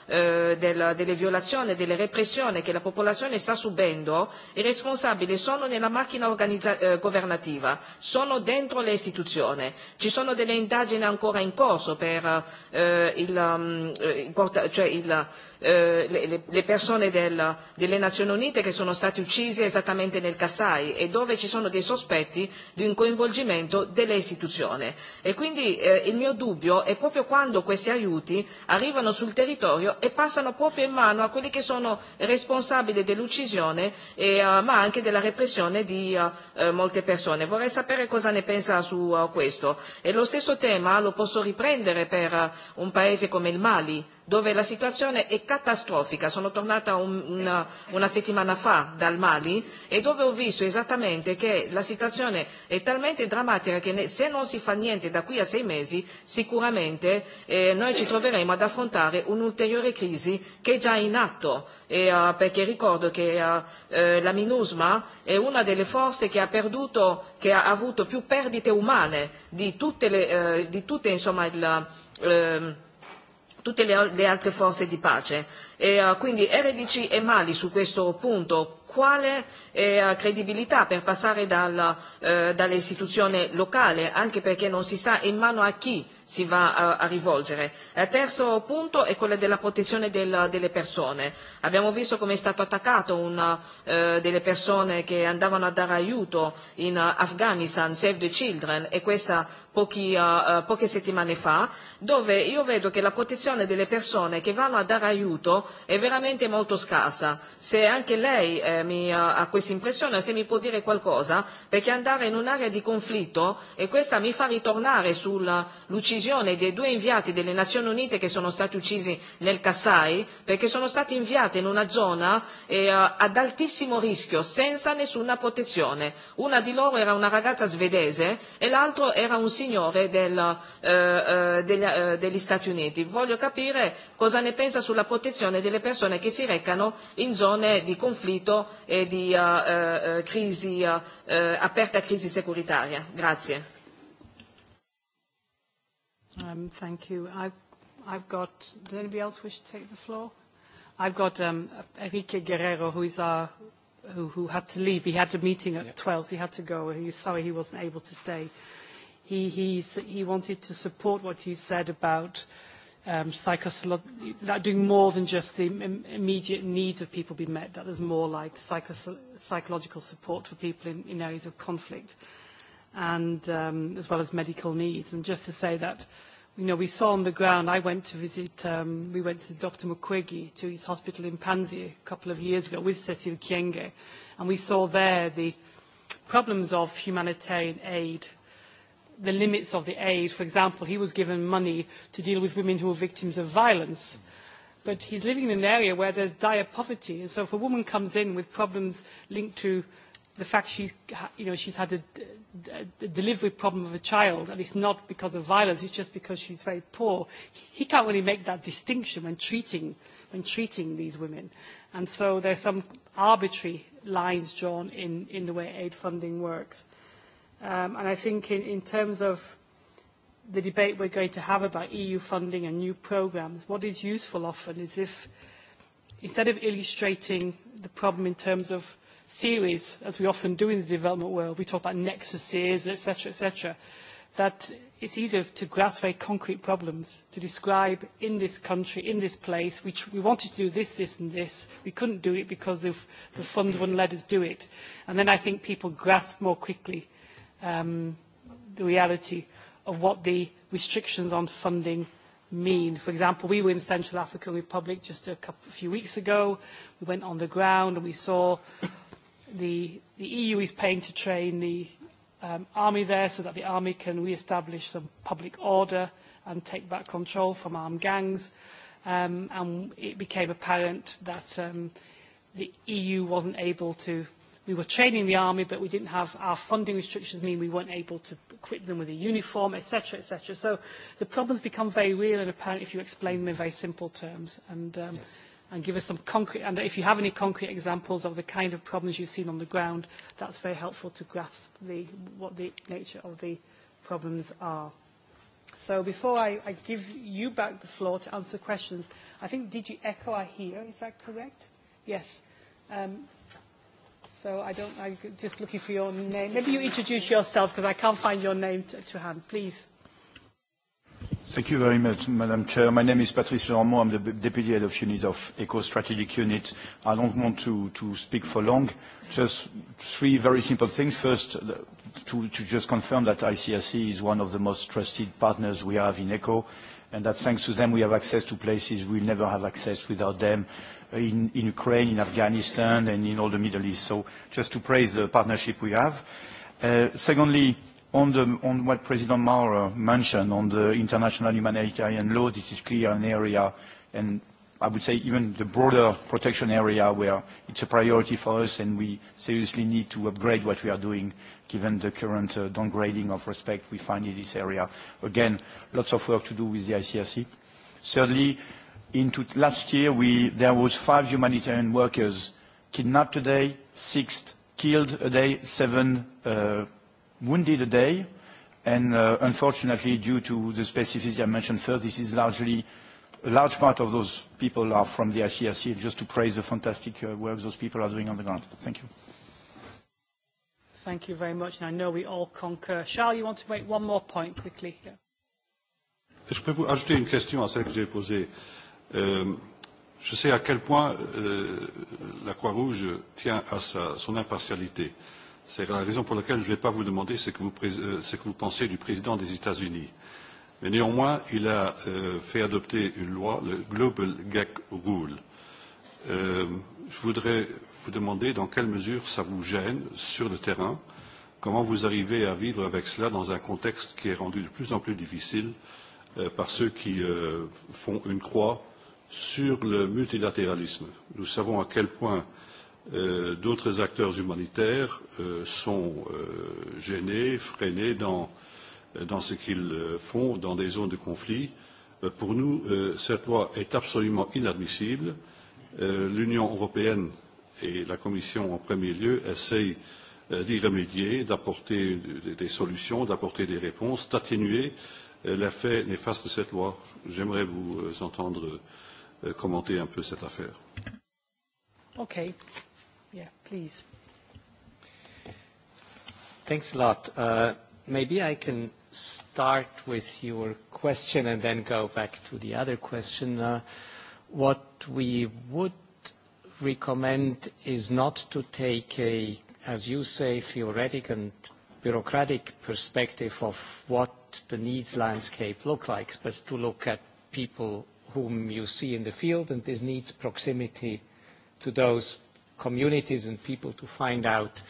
uh, del, delle violazioni e delle repressioni che la popolazione sta subendo i responsabili sono nella macchina organizza- governativa, sono dentro le istituzioni, ci sono delle indagini ancora in corso per uh, il, um, il, cioè il Eh, le, le persone del, delle Nazioni Unite che sono state uccise esattamente nel Kassai e dove ci sono dei sospetti di un coinvolgimento delle istituzioni. E quindi eh, il mio dubbio è proprio quando questi aiuti arrivano sul territorio e passano proprio in mano a quelli che sono responsabili dell'uccisione e, uh, ma anche della repressione di uh, molte persone. Vorrei sapere cosa ne pensa su uh, questo. E lo stesso tema lo posso riprendere per uh, un paese come il Mali dove la situazione è catastrofica. Sono tornata una, una settimana fa dal Mali e dove ho visto esattamente che la situazione è talmente drammatica che ne, se non si fa niente da qui a sei mesi sicuramente eh, noi ci troveremo ad affrontare un'ulteriore crisi che è già in atto. E, uh, perché ricordo che uh, uh, la MINUSMA è una delle forze che ha, perduto, che ha avuto più perdite umane di tutte, le, uh, di tutte insomma, il, uh, tutte le, le altre forze di pace. E, uh, quindi RDC e Mali su questo punto, quale eh, credibilità per passare dal, eh, dall'istituzione locale, anche perché non si sa in mano a chi eh, si va a, a rivolgere. Eh, terzo punto è quello della protezione del, delle persone. Abbiamo visto come è stato attaccato una eh, delle persone che andavano a dare aiuto in uh, Afghanistan, Save the Children, e questa pochi, uh, uh, poche settimane fa, dove io vedo che la protezione delle persone che vanno a dare aiuto è veramente molto scarsa. Se anche lei eh, mi, uh, ha questa impressione, se mi può dire qualcosa, perché andare in un'area di conflitto, e questa mi fa ritornare sull'uccisione l'uccisione dei due inviati delle Nazioni Unite che sono stati uccisi nel Kasai, perché sono stati inviati in una zona eh, ad altissimo rischio, senza nessuna protezione. Una di loro era una ragazza svedese e l'altro era un signore del, eh, eh, degli, eh, degli Stati Uniti. Voglio capire cosa ne pensa sulla protezione delle persone che si recano in zone di conflitto e di eh, eh, crisi, eh, aperta crisi securitaria. Grazie. Um, thank you. I've, I've got, did anybody else wish to take the floor? I've got um, Enrique Guerrero, who is our, who, who had to leave. He had a meeting at yep. 12, so he had to go. He's sorry he wasn't able to stay. He, he's, he wanted to support what you said about um, psychosocial, doing more than just the Im- immediate needs of people be met, that there's more like psychos- psychological support for people in, in areas of conflict and um, as well as medical needs. And just to say that, you know, we saw on the ground, I went to visit, um, we went to Dr. McQuiggy to his hospital in Panzi a couple of years ago with Cecil Kienge, and we saw there the problems of humanitarian aid, the limits of the aid. For example, he was given money to deal with women who were victims of violence, but he's living in an area where there's dire poverty. And so if a woman comes in with problems linked to the fact she's, you know, she's had a, a, a delivery problem of a child, and it's not because of violence, it's just because she's very poor. He can't really make that distinction when treating, when treating these women. And so there's some arbitrary lines drawn in, in the way aid funding works. Um, and I think in, in terms of the debate we're going to have about EU funding and new programs, what is useful often is if, instead of illustrating the problem in terms of theories, as we often do in the development world, we talk about nexuses, etc., etc., that it's easier to grasp very concrete problems, to describe in this country, in this place, which we wanted to do this, this, and this. We couldn't do it because of the funds wouldn't let us do it. And then I think people grasp more quickly um, the reality of what the restrictions on funding mean. For example, we were in Central African Republic just a, couple, a few weeks ago. We went on the ground and we saw the, the EU is paying to train the um, army there so that the army can re-establish some public order and take back control from armed gangs. Um, and it became apparent that um, the EU wasn't able to... We were training the army, but we didn't have our funding restrictions mean we weren't able to equip them with a uniform, etc., etc. So the problems become very real and apparent if you explain them in very simple terms. And... Um, yeah and give us some concrete and if you have any concrete examples of the kind of problems you've seen on the ground that's very helpful to grasp the what the nature of the problems are so before I, I give you back the floor to answer questions I think did you echo I hear is that correct yes um, so I don't I'm just looking for your name maybe you introduce yourself because I can't find your name to, to hand please Thank you very much, Madam Chair. My name is Patrice Laurent. I'm the Deputy Head of Unit of Eco Strategic Unit. I don't want to, to speak for long. Just three very simple things. First, uh, to, to just confirm that ICRC e is one of the most trusted partners we have in Eco, and that thanks to them we have access to places we never have access without them in, in Ukraine, in Afghanistan, and in all the Middle East. So just to praise the partnership we have. Uh, secondly, On what President Maurer uh, mentioned on the international humanitarian law, this is clear an area, and I would say even the broader protection area where it's a priority for us and we seriously need to upgrade what we are doing given the current uh, downgrading of respect we find in this area. Again, lots of work to do with the ICRC. Thirdly, into last year we, there was five humanitarian workers kidnapped a day, six killed a day, seven uh, wounded a day. And uh, unfortunately, due to the specificity I mentioned first, this is largely, a large part of those people are from the ICRC, just to praise the fantastic uh, work those people are doing on the ground. Thank you. Thank you very much, and I know we all concur. Charles, you want to make one more point quickly here? Je peux vous ajouter une question à celle que j'ai posée. Euh, je sais à quel point euh, la Croix-Rouge tient à sa, son impartialité. Euh, C'est la raison pour laquelle je ne vais pas vous demander ce que vous, euh, ce que vous pensez du président des États-Unis. Mais néanmoins, il a euh, fait adopter une loi, le Global Gag Rule. Euh, je voudrais vous demander dans quelle mesure ça vous gêne sur le terrain, comment vous arrivez à vivre avec cela dans un contexte qui est rendu de plus en plus difficile euh, par ceux qui euh, font une croix sur le multilatéralisme. Nous savons à quel point euh, Euh, d'autres acteurs humanitaires euh, sont euh, gênés, freinés dans, dans ce qu'ils euh, font dans des zones de conflit. Euh, pour nous, euh, cette loi est absolument inadmissible. Euh, L'Union européenne et la Commission en premier lieu essayent euh, d'y remédier, d'apporter des solutions, d'apporter des réponses, d'atténuer euh, l'effet néfaste de cette loi. J'aimerais vous euh, entendre euh, commenter un peu cette affaire. Okay. Yeah, please. Thanks a lot. Uh, maybe I can start with your question and then go back to the other question. Uh, what we would recommend is not to take a, as you say, theoretic and bureaucratic perspective of what the needs landscape look like, but to look at people whom you see in the field and this needs proximity to those communities and people to find out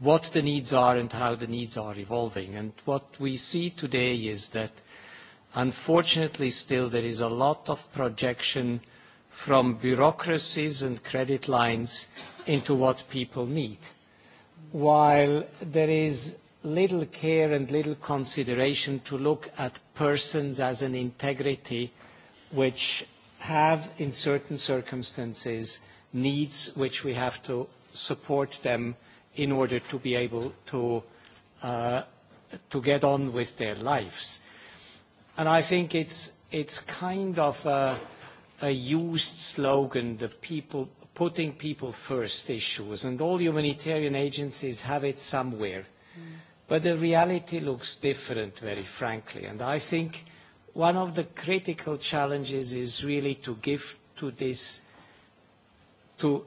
what the needs are and how the needs are evolving. And what we see today is that, unfortunately still, there is a lot of projection from bureaucracies and credit lines into what people need, while there is little care and little consideration to look at persons as an integrity which have, in certain circumstances, needs which we have to support them in order to be able to uh, to get on with their lives. And I think it's it's kind of a, a used slogan, the people putting people first issues, and all humanitarian agencies have it somewhere. Mm. But the reality looks different, very frankly. And I think one of the critical challenges is really to give to this to,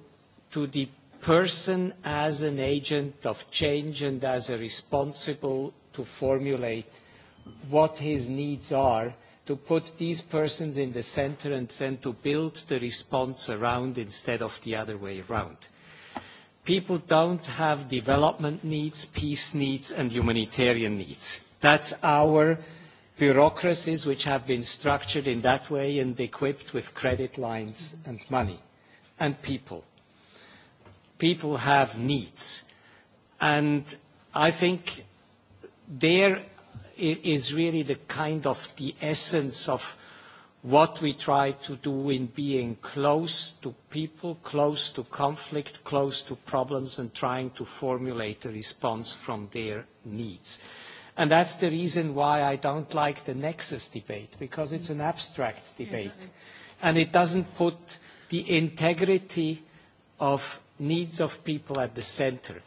to the person as an agent of change and as a responsible to formulate what his needs are, to put these persons in the center and then to build the response around instead of the other way around. People don't have development needs, peace needs, and humanitarian needs. That's our bureaucracies which have been structured in that way and equipped with credit lines and money and people. People have needs. And I think there is really the kind of the essence of what we try to do in being close to people, close to conflict, close to problems, and trying to formulate a response from their needs. And that's the reason why I don't like the nexus debate, because it's an abstract debate. Yeah. And it doesn't put the integrity of needs of people at the center.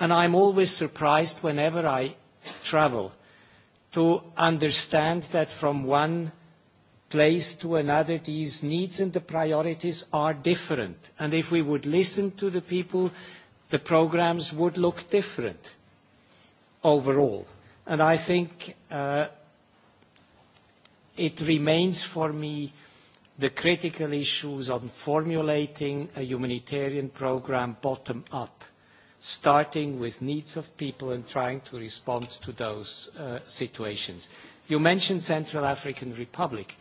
And I'm always surprised whenever I travel to understand that from one place to another, these needs and the priorities are different. And if we would listen to the people, the programs would look different overall. And I think uh, it remains for me the critical issues on formulating a humanitarian programme bottom up, starting with needs of people and trying to respond to those uh, situations. You mentioned Central African Republic.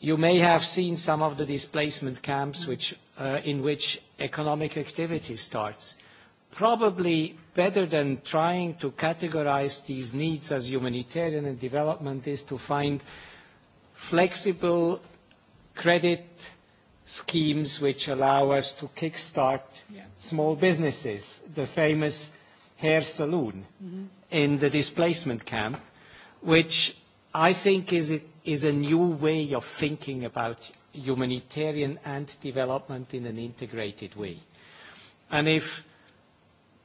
You may have seen some of the displacement camps which, uh, in which economic activity starts. Probably better than trying to categorize these needs as humanitarian and development is to find flexible credit schemes which allow us to kickstart small businesses. The famous hair salon mm-hmm. in the displacement camp, which I think is a new way of thinking about humanitarian and development in an integrated way. If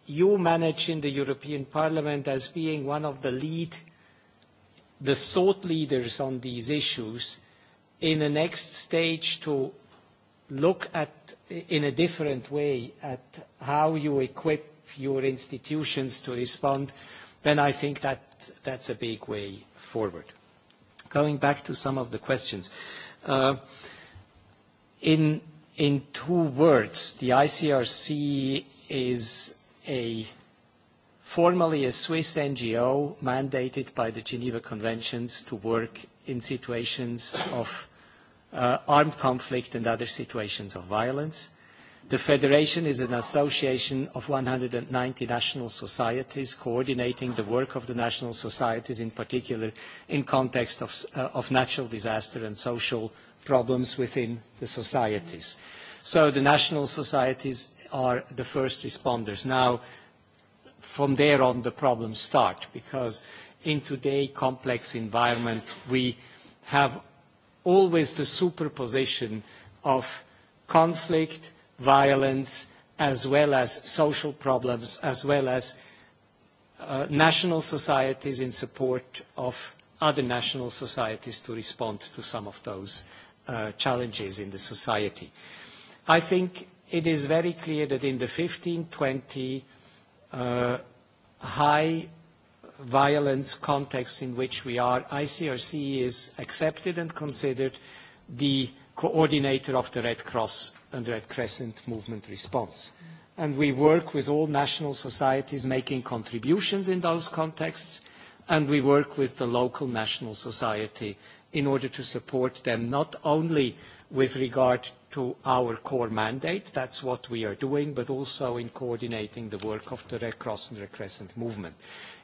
you manage in the European Parliament as being one of the thought leaders on these issues, in the next stage to look at in a different way at how you equip your institutions to respond, then I think that that's a big way forward. Going back to some of the questions. Uh, in, in two words, the ICRC is a formally a Swiss NGO mandated by the Geneva Conventions to work in situations of Uh, armed conflict and other situations of violence. The Federation is an association of 190 national societies coordinating the work of the national societies, in particular in context of, uh, of natural disaster and social problems within the societies. So the national societies are the first responders. Now, from there on, the problems start, because in today's complex environment, we have always the superposition of conflict, violence, as well as social problems, as well as uh, national societies in support of other national societies to respond to some of those uh, challenges in the society. I think it is very clear that in the 1520 uh, high violent context in which we are, ICRC is accepted and considered the coordinator of the Red Cross and Red Crescent movement response. And we work with all national societies making contributions in those contexts, and we work with the local national society in order to support them, not only with regard to our core mandate, that's what we are doing, but also in coordinating the work of the Red Cross and Red Crescent movement.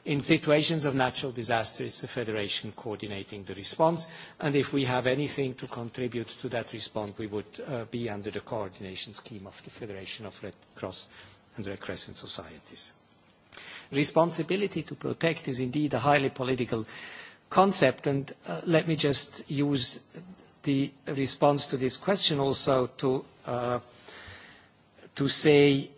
In situations of natural disaster, it's the Federation coordinating the response. And if we have anything to contribute to that response, we would uh, be under the coordination scheme of the Federation of Red Cross and Red Crescent Societies. Responsibility to protect is indeed a highly political concept. And uh, let me just use the response to this question also to, uh, to say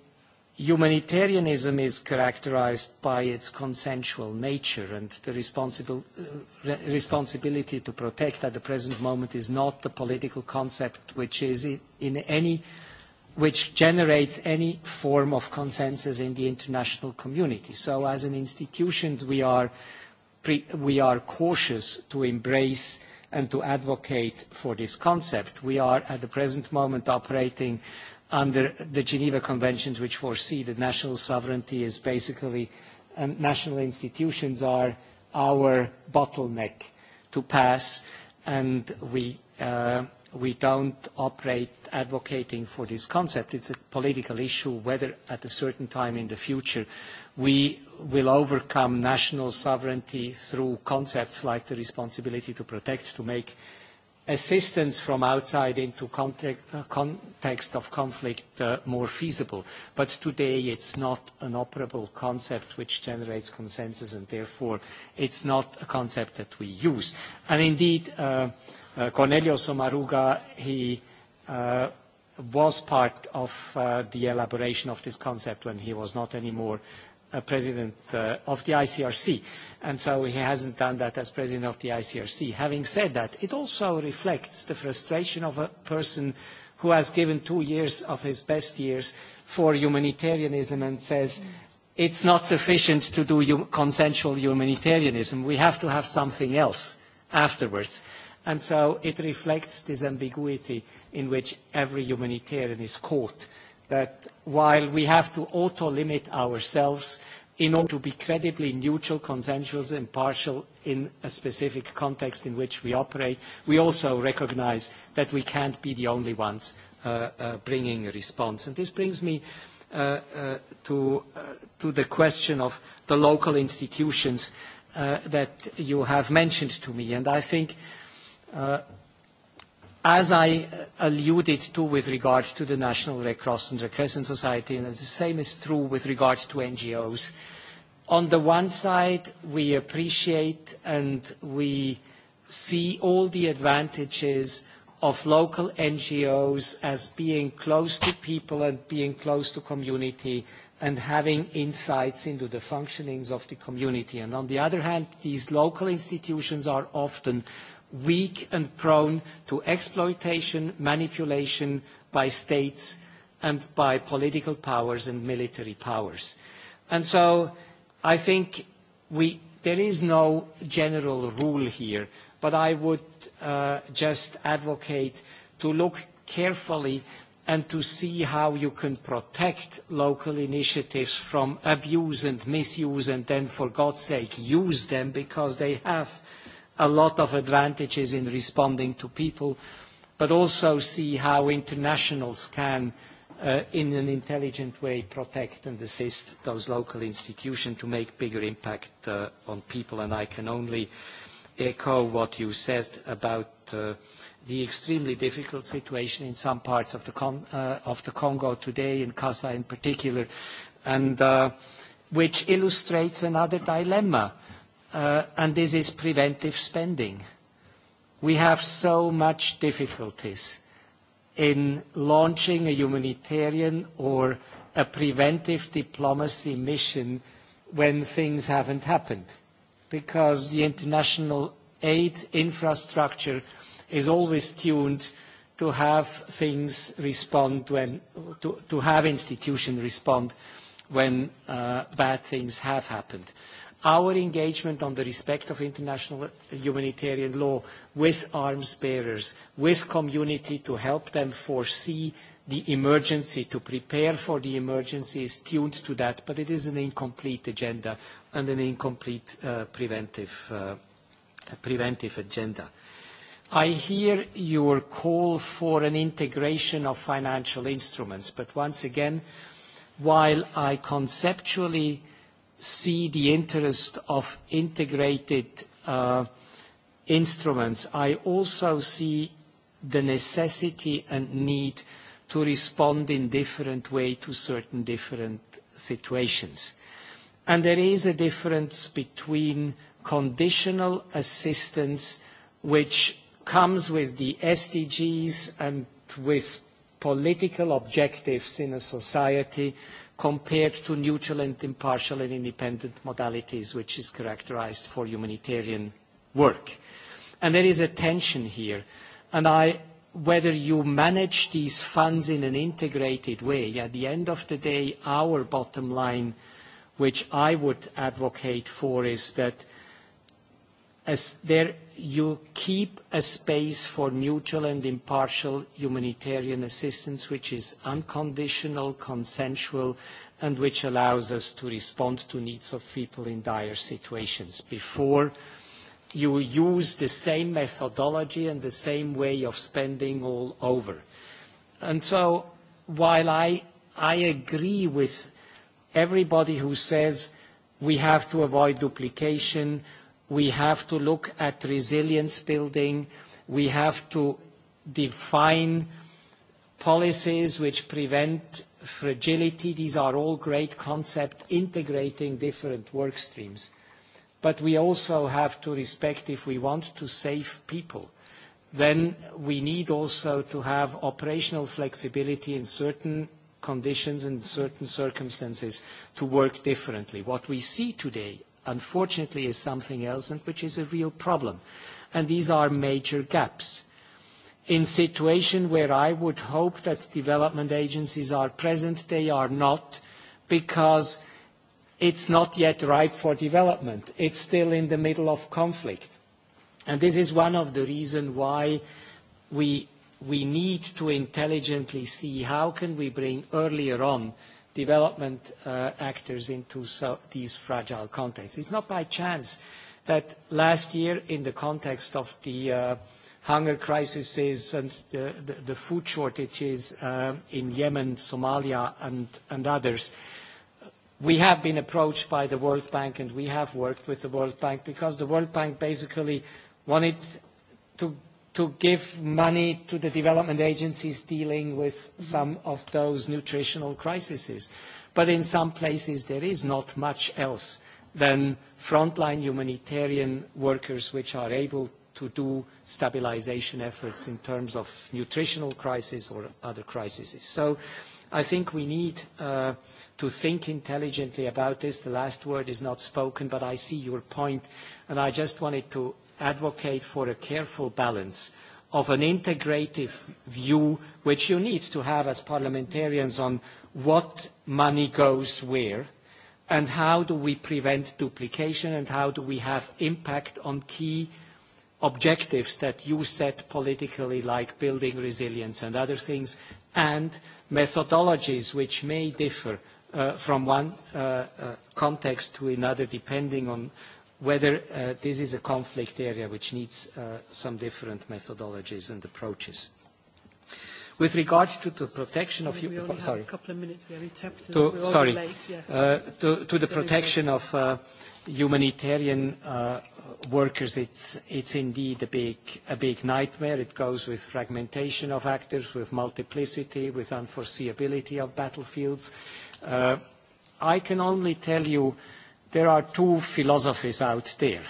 humanitarianism is characterized by its consensual nature and the responsible, uh, re responsibility to protect at the present moment is not a political concept which, is in any, which generates any form of consensus in the international community. So as an institution we are, pre we are cautious to embrace and to advocate for this concept. We are at the present moment operating under the Geneva Conventions, which foresee that national sovereignty is basically, and national institutions are our bottleneck to pass, and we, uh, we don't operate advocating for this concept. It's a political issue whether at a certain time in the future we will overcome national sovereignty through concepts like the responsibility to protect, to make uh, assistance from outside into uh, context of conflict uh, more feasible. But today it's not an operable concept which generates consensus and therefore it's not a concept that we use. And indeed, uh, uh, Cornelio Somaruga, he uh, was part of uh, the elaboration of this concept when he was not anymore Uh, president uh, of the ICRC, and so he hasn't done that as president of the ICRC. Having said that, it also reflects the frustration of a person who has given two years of his best years for humanitarianism and says, it's not sufficient to do hum consensual humanitarianism. We have to have something else afterwards. And so it reflects this ambiguity in which every humanitarian is caught that while we have to auto-limit ourselves in order to be credibly neutral, consensual, and impartial in a specific context in which we operate, we also recognize that we can't be the only ones uh, uh, bringing a response. And this brings me uh, uh, to, uh, to the question of the local institutions uh, that you have mentioned to me. And I think uh, As I uh, alluded to with regard to the National Red Cross and the Crescent Society, and the same is true with regard to NGOs, on the one side, we appreciate and we see all the advantages of local NGOs as being close to people and being close to community and having insights into the functionings of the community. And on the other hand, these local institutions are often weak and prone to exploitation, manipulation by states and by political powers and military powers. And so I think we, there is no general rule here, but I would uh, just advocate to look carefully and to see how you can protect local initiatives from abuse and misuse and then, for God's sake, use them because they have a lot of advantages in responding to people, but also see how internationals can, uh, in an intelligent way, protect and assist those local institutions to make bigger impact uh, on people. And I can only echo what you said about uh, the extremely difficult situation in some parts of the, Con uh, of the Congo today, in Kasa in particular, and uh, which illustrates another dilemma. Uh, and this is preventive spending. We have so much difficulties in launching a humanitarian or a preventive diplomacy mission when things haven't happened, because the international aid infrastructure is always tuned to have things respond when to have institution respond when uh, bad things have happened our engagement on the respect of international humanitarian law with arms bearers, with community to help them foresee the emergency, to prepare for the emergency is tuned to that, but it is an incomplete agenda and an incomplete uh, uh, preventive agenda. I hear your call for an integration of financial instruments, but once again, while I conceptually see the interest of integrated uh, instruments. I also see the necessity and need to respond in different way to certain different situations. There is a difference between conditional assistance, which comes with the SDGs and with political objectives in a society, compared to neutral and impartial and independent modalities, which is characterized for humanitarian work. And there is a tension here. And I, whether you manage these funds in an integrated way, at the end of the day, our bottom line, which I would advocate for, is that as there you keep a space for mutual and impartial humanitarian assistance, which is unconditional, consensual, and which allows us to respond to needs of people in dire situations. Before you use the same methodology and the same way of spending all over. And so while I, I agree with everybody who says we have to avoid duplication, We have to look at resilience building. We have to define policies which prevent fragility. These are all great concept, integrating different work streams. We also have to respect if we want to save people, then we need also to have operational flexibility in certain conditions and certain circumstances to work differently. What we see today unfortunately is something else and which is a real problem. And these are major gaps. In situation where I would hope that development agencies are present, they are not, because it's not yet ripe for development. It's still in the middle of conflict. And this is one of the reasons why we, we need to intelligently see how can we bring earlier on development uh, actors into these fragile contexts. It's not by chance that last year, in the context of the uh, hunger crises and the food shortages uh, in Yemen, Somalia, and others, we have been approached by the World Bank, and we have worked with the World Bank because the World Bank basically wanted to to give money to the development agencies dealing with mm-hmm. some of those nutritional crises. But in some places, there is not much else than frontline humanitarian workers which are able to do stabilization efforts in terms of nutritional crisis or other crises. So I think we need uh, to think intelligently about this. The last word is not spoken, but I see your point. And I just wanted to advocate for a careful balance of an integrative view, which you need to have as parliamentarians on what money goes where, and how do we prevent duplication, and how do we have impact on key objectives that you set politically, like building resilience and other things, and methodologies which may differ uh, from one uh, uh, context to another, depending whether uh, this is a conflict area which needs uh, some different methodologies and approaches. With regard to the protection of human, we only sorry, have a couple of minutes. We have interpreters. To, We're sorry, late. Yeah. Uh, to, to the protection of uh, humanitarian uh, workers, it's it's indeed a big a big nightmare. It goes with fragmentation of actors, with multiplicity, with unforeseeability of battlefields. Uh, I can only tell you. Uh, there are two philosophies out there.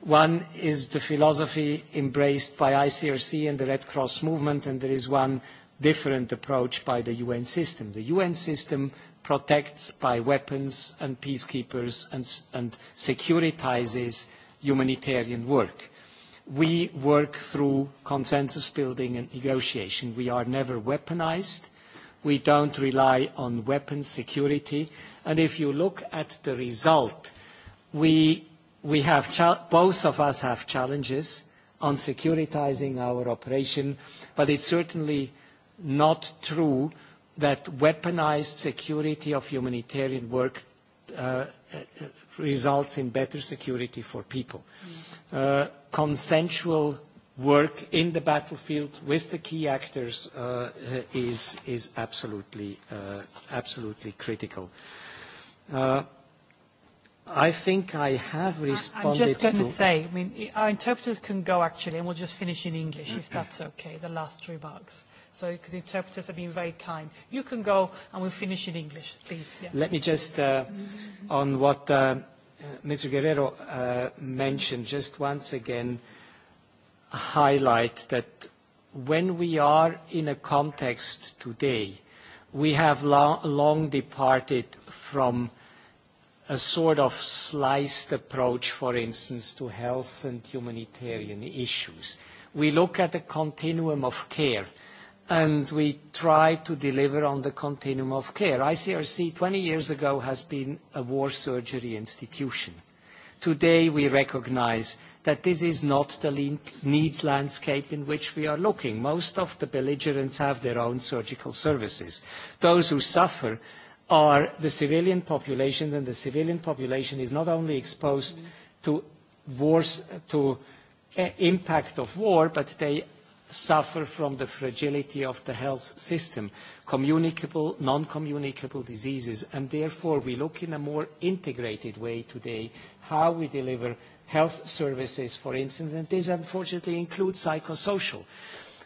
One is the philosophy embraced by ICRC and the Red Cross movement, and there is one different approach by the UN system. The UN system protects by weapons and peacekeepers and, and securitizes humanitarian work. We work through consensus building and negotiation. We are never weaponized. We don't rely on weapons security. If you look at the result, we have both of us have challenges on securitizing our operation, but it's certainly not true that weaponized security of humanitarian work uh, uh, results in better security for people. Mm. Uh, consensual work in the battlefield with the key actors is absolutely critical. Uh, I think I have responded to. I'm just going to say, I mean, our interpreters can go actually, and we'll just finish in English if that's okay, the last three bucks. So because the interpreters have been very kind. You can go, and we'll finish in English, please. Yeah. Let me just, uh, on what uh, Mr. Guerrero mentioned, just once again highlight that when we are in a context today, we have long departed from a sort of sliced approach, for instance, to health and humanitarian issues. We look at the continuum of care and we try to deliver on the continuum of care. ICRC 20 years ago has been a war surgery institution. Today we recognize that this is not the needs landscape in which we are looking. Most of the belligerents have their own surgical services. Those who suffer are the civilian populations, and the civilian population is not only exposed to wars, to eh, impact of war, but they suffer from the fragility of the health system, communicable, non-communicable diseases. And therefore, we look in a more integrated way today how we deliver health services, for instance, and this unfortunately includes psychosocial.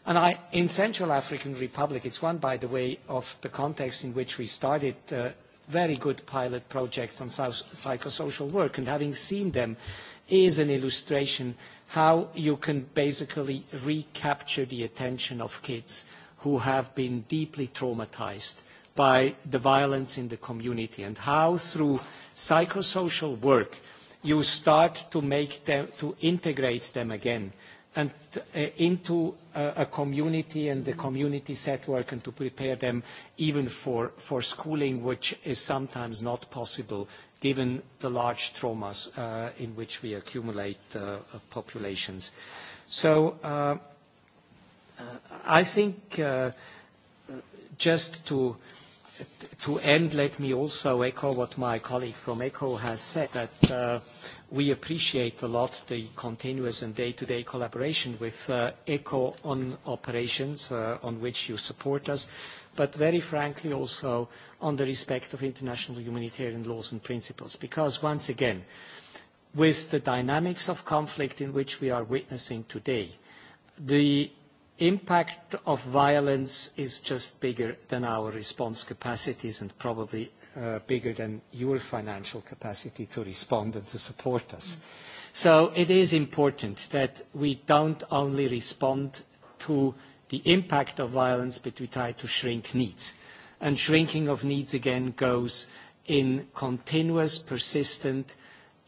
And I, in Central African Republic, it's one, by the way, of the context in which we started uh, very good pilot projects on so- psychosocial work, and having seen them is an illustration how you can basically recapture the attention of kids who have been deeply traumatized by the violence in the community and how through psychosocial work you start to make them to integrate them again and uh, into a community and the community set work and to prepare them even for, for schooling, which is sometimes not possible given the large traumas uh, in which we accumulate uh, populations. So uh, uh, I think uh, just to uh, To end, let me also echo what my colleague from ECHO has said, that uh, we appreciate a lot the continuous and day-to-day collaboration with uh, ECHO on operations uh, on which you support us. Very frankly, also on the respect of international humanitarian laws and principles. Because once again, with the dynamics of conflict in which we are witnessing today, the impact of violence is just bigger than our response capacities and probably uh, bigger than your financial capacity to respond and to support us. It is important that we don't only respond to the impact of violence, but we try to shrink needs. Shrinking of needs, again, goes in continuous, persistent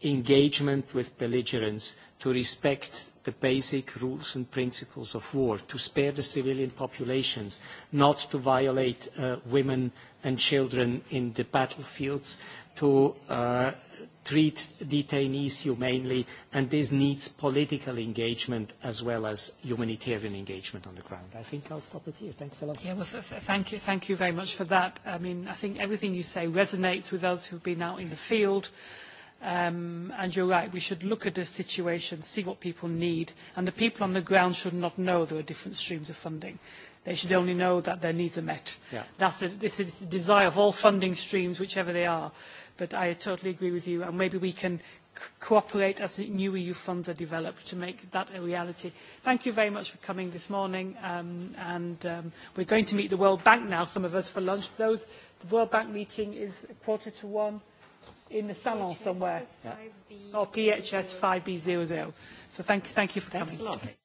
engagement with belligerents to respect the basic rules and principles of war, to spare the civilian populations, not to violate uh, women and children in the battlefields, to uh, treat detainees humanely, and this needs political engagement as well as humanitarian engagement on the ground. I think I'll stop it here. Thanks a lot. Yeah, well, th th thank, you, thank you very much for that. I mean, I think everything you say resonates with us who've been out in the field um, and you're right, we should look at the situation, see what people need, and the people on the ground should not know there are different streams of funding. They should only know that their needs are met. Yeah. That's a, this is the desire of all funding streams, whichever they are. But I totally agree with you, and maybe we can co cooperate as new EU funds are developed to make that a reality. Thank you very much for coming this morning, um, and um, we're going to meet the World Bank now, some of us, for lunch. Those, the World Bank meeting is a quarter to one in the salon HHS somewhere. 5B or PHS 5B00. So thank, thank you for Thanks coming. Thanks a lot.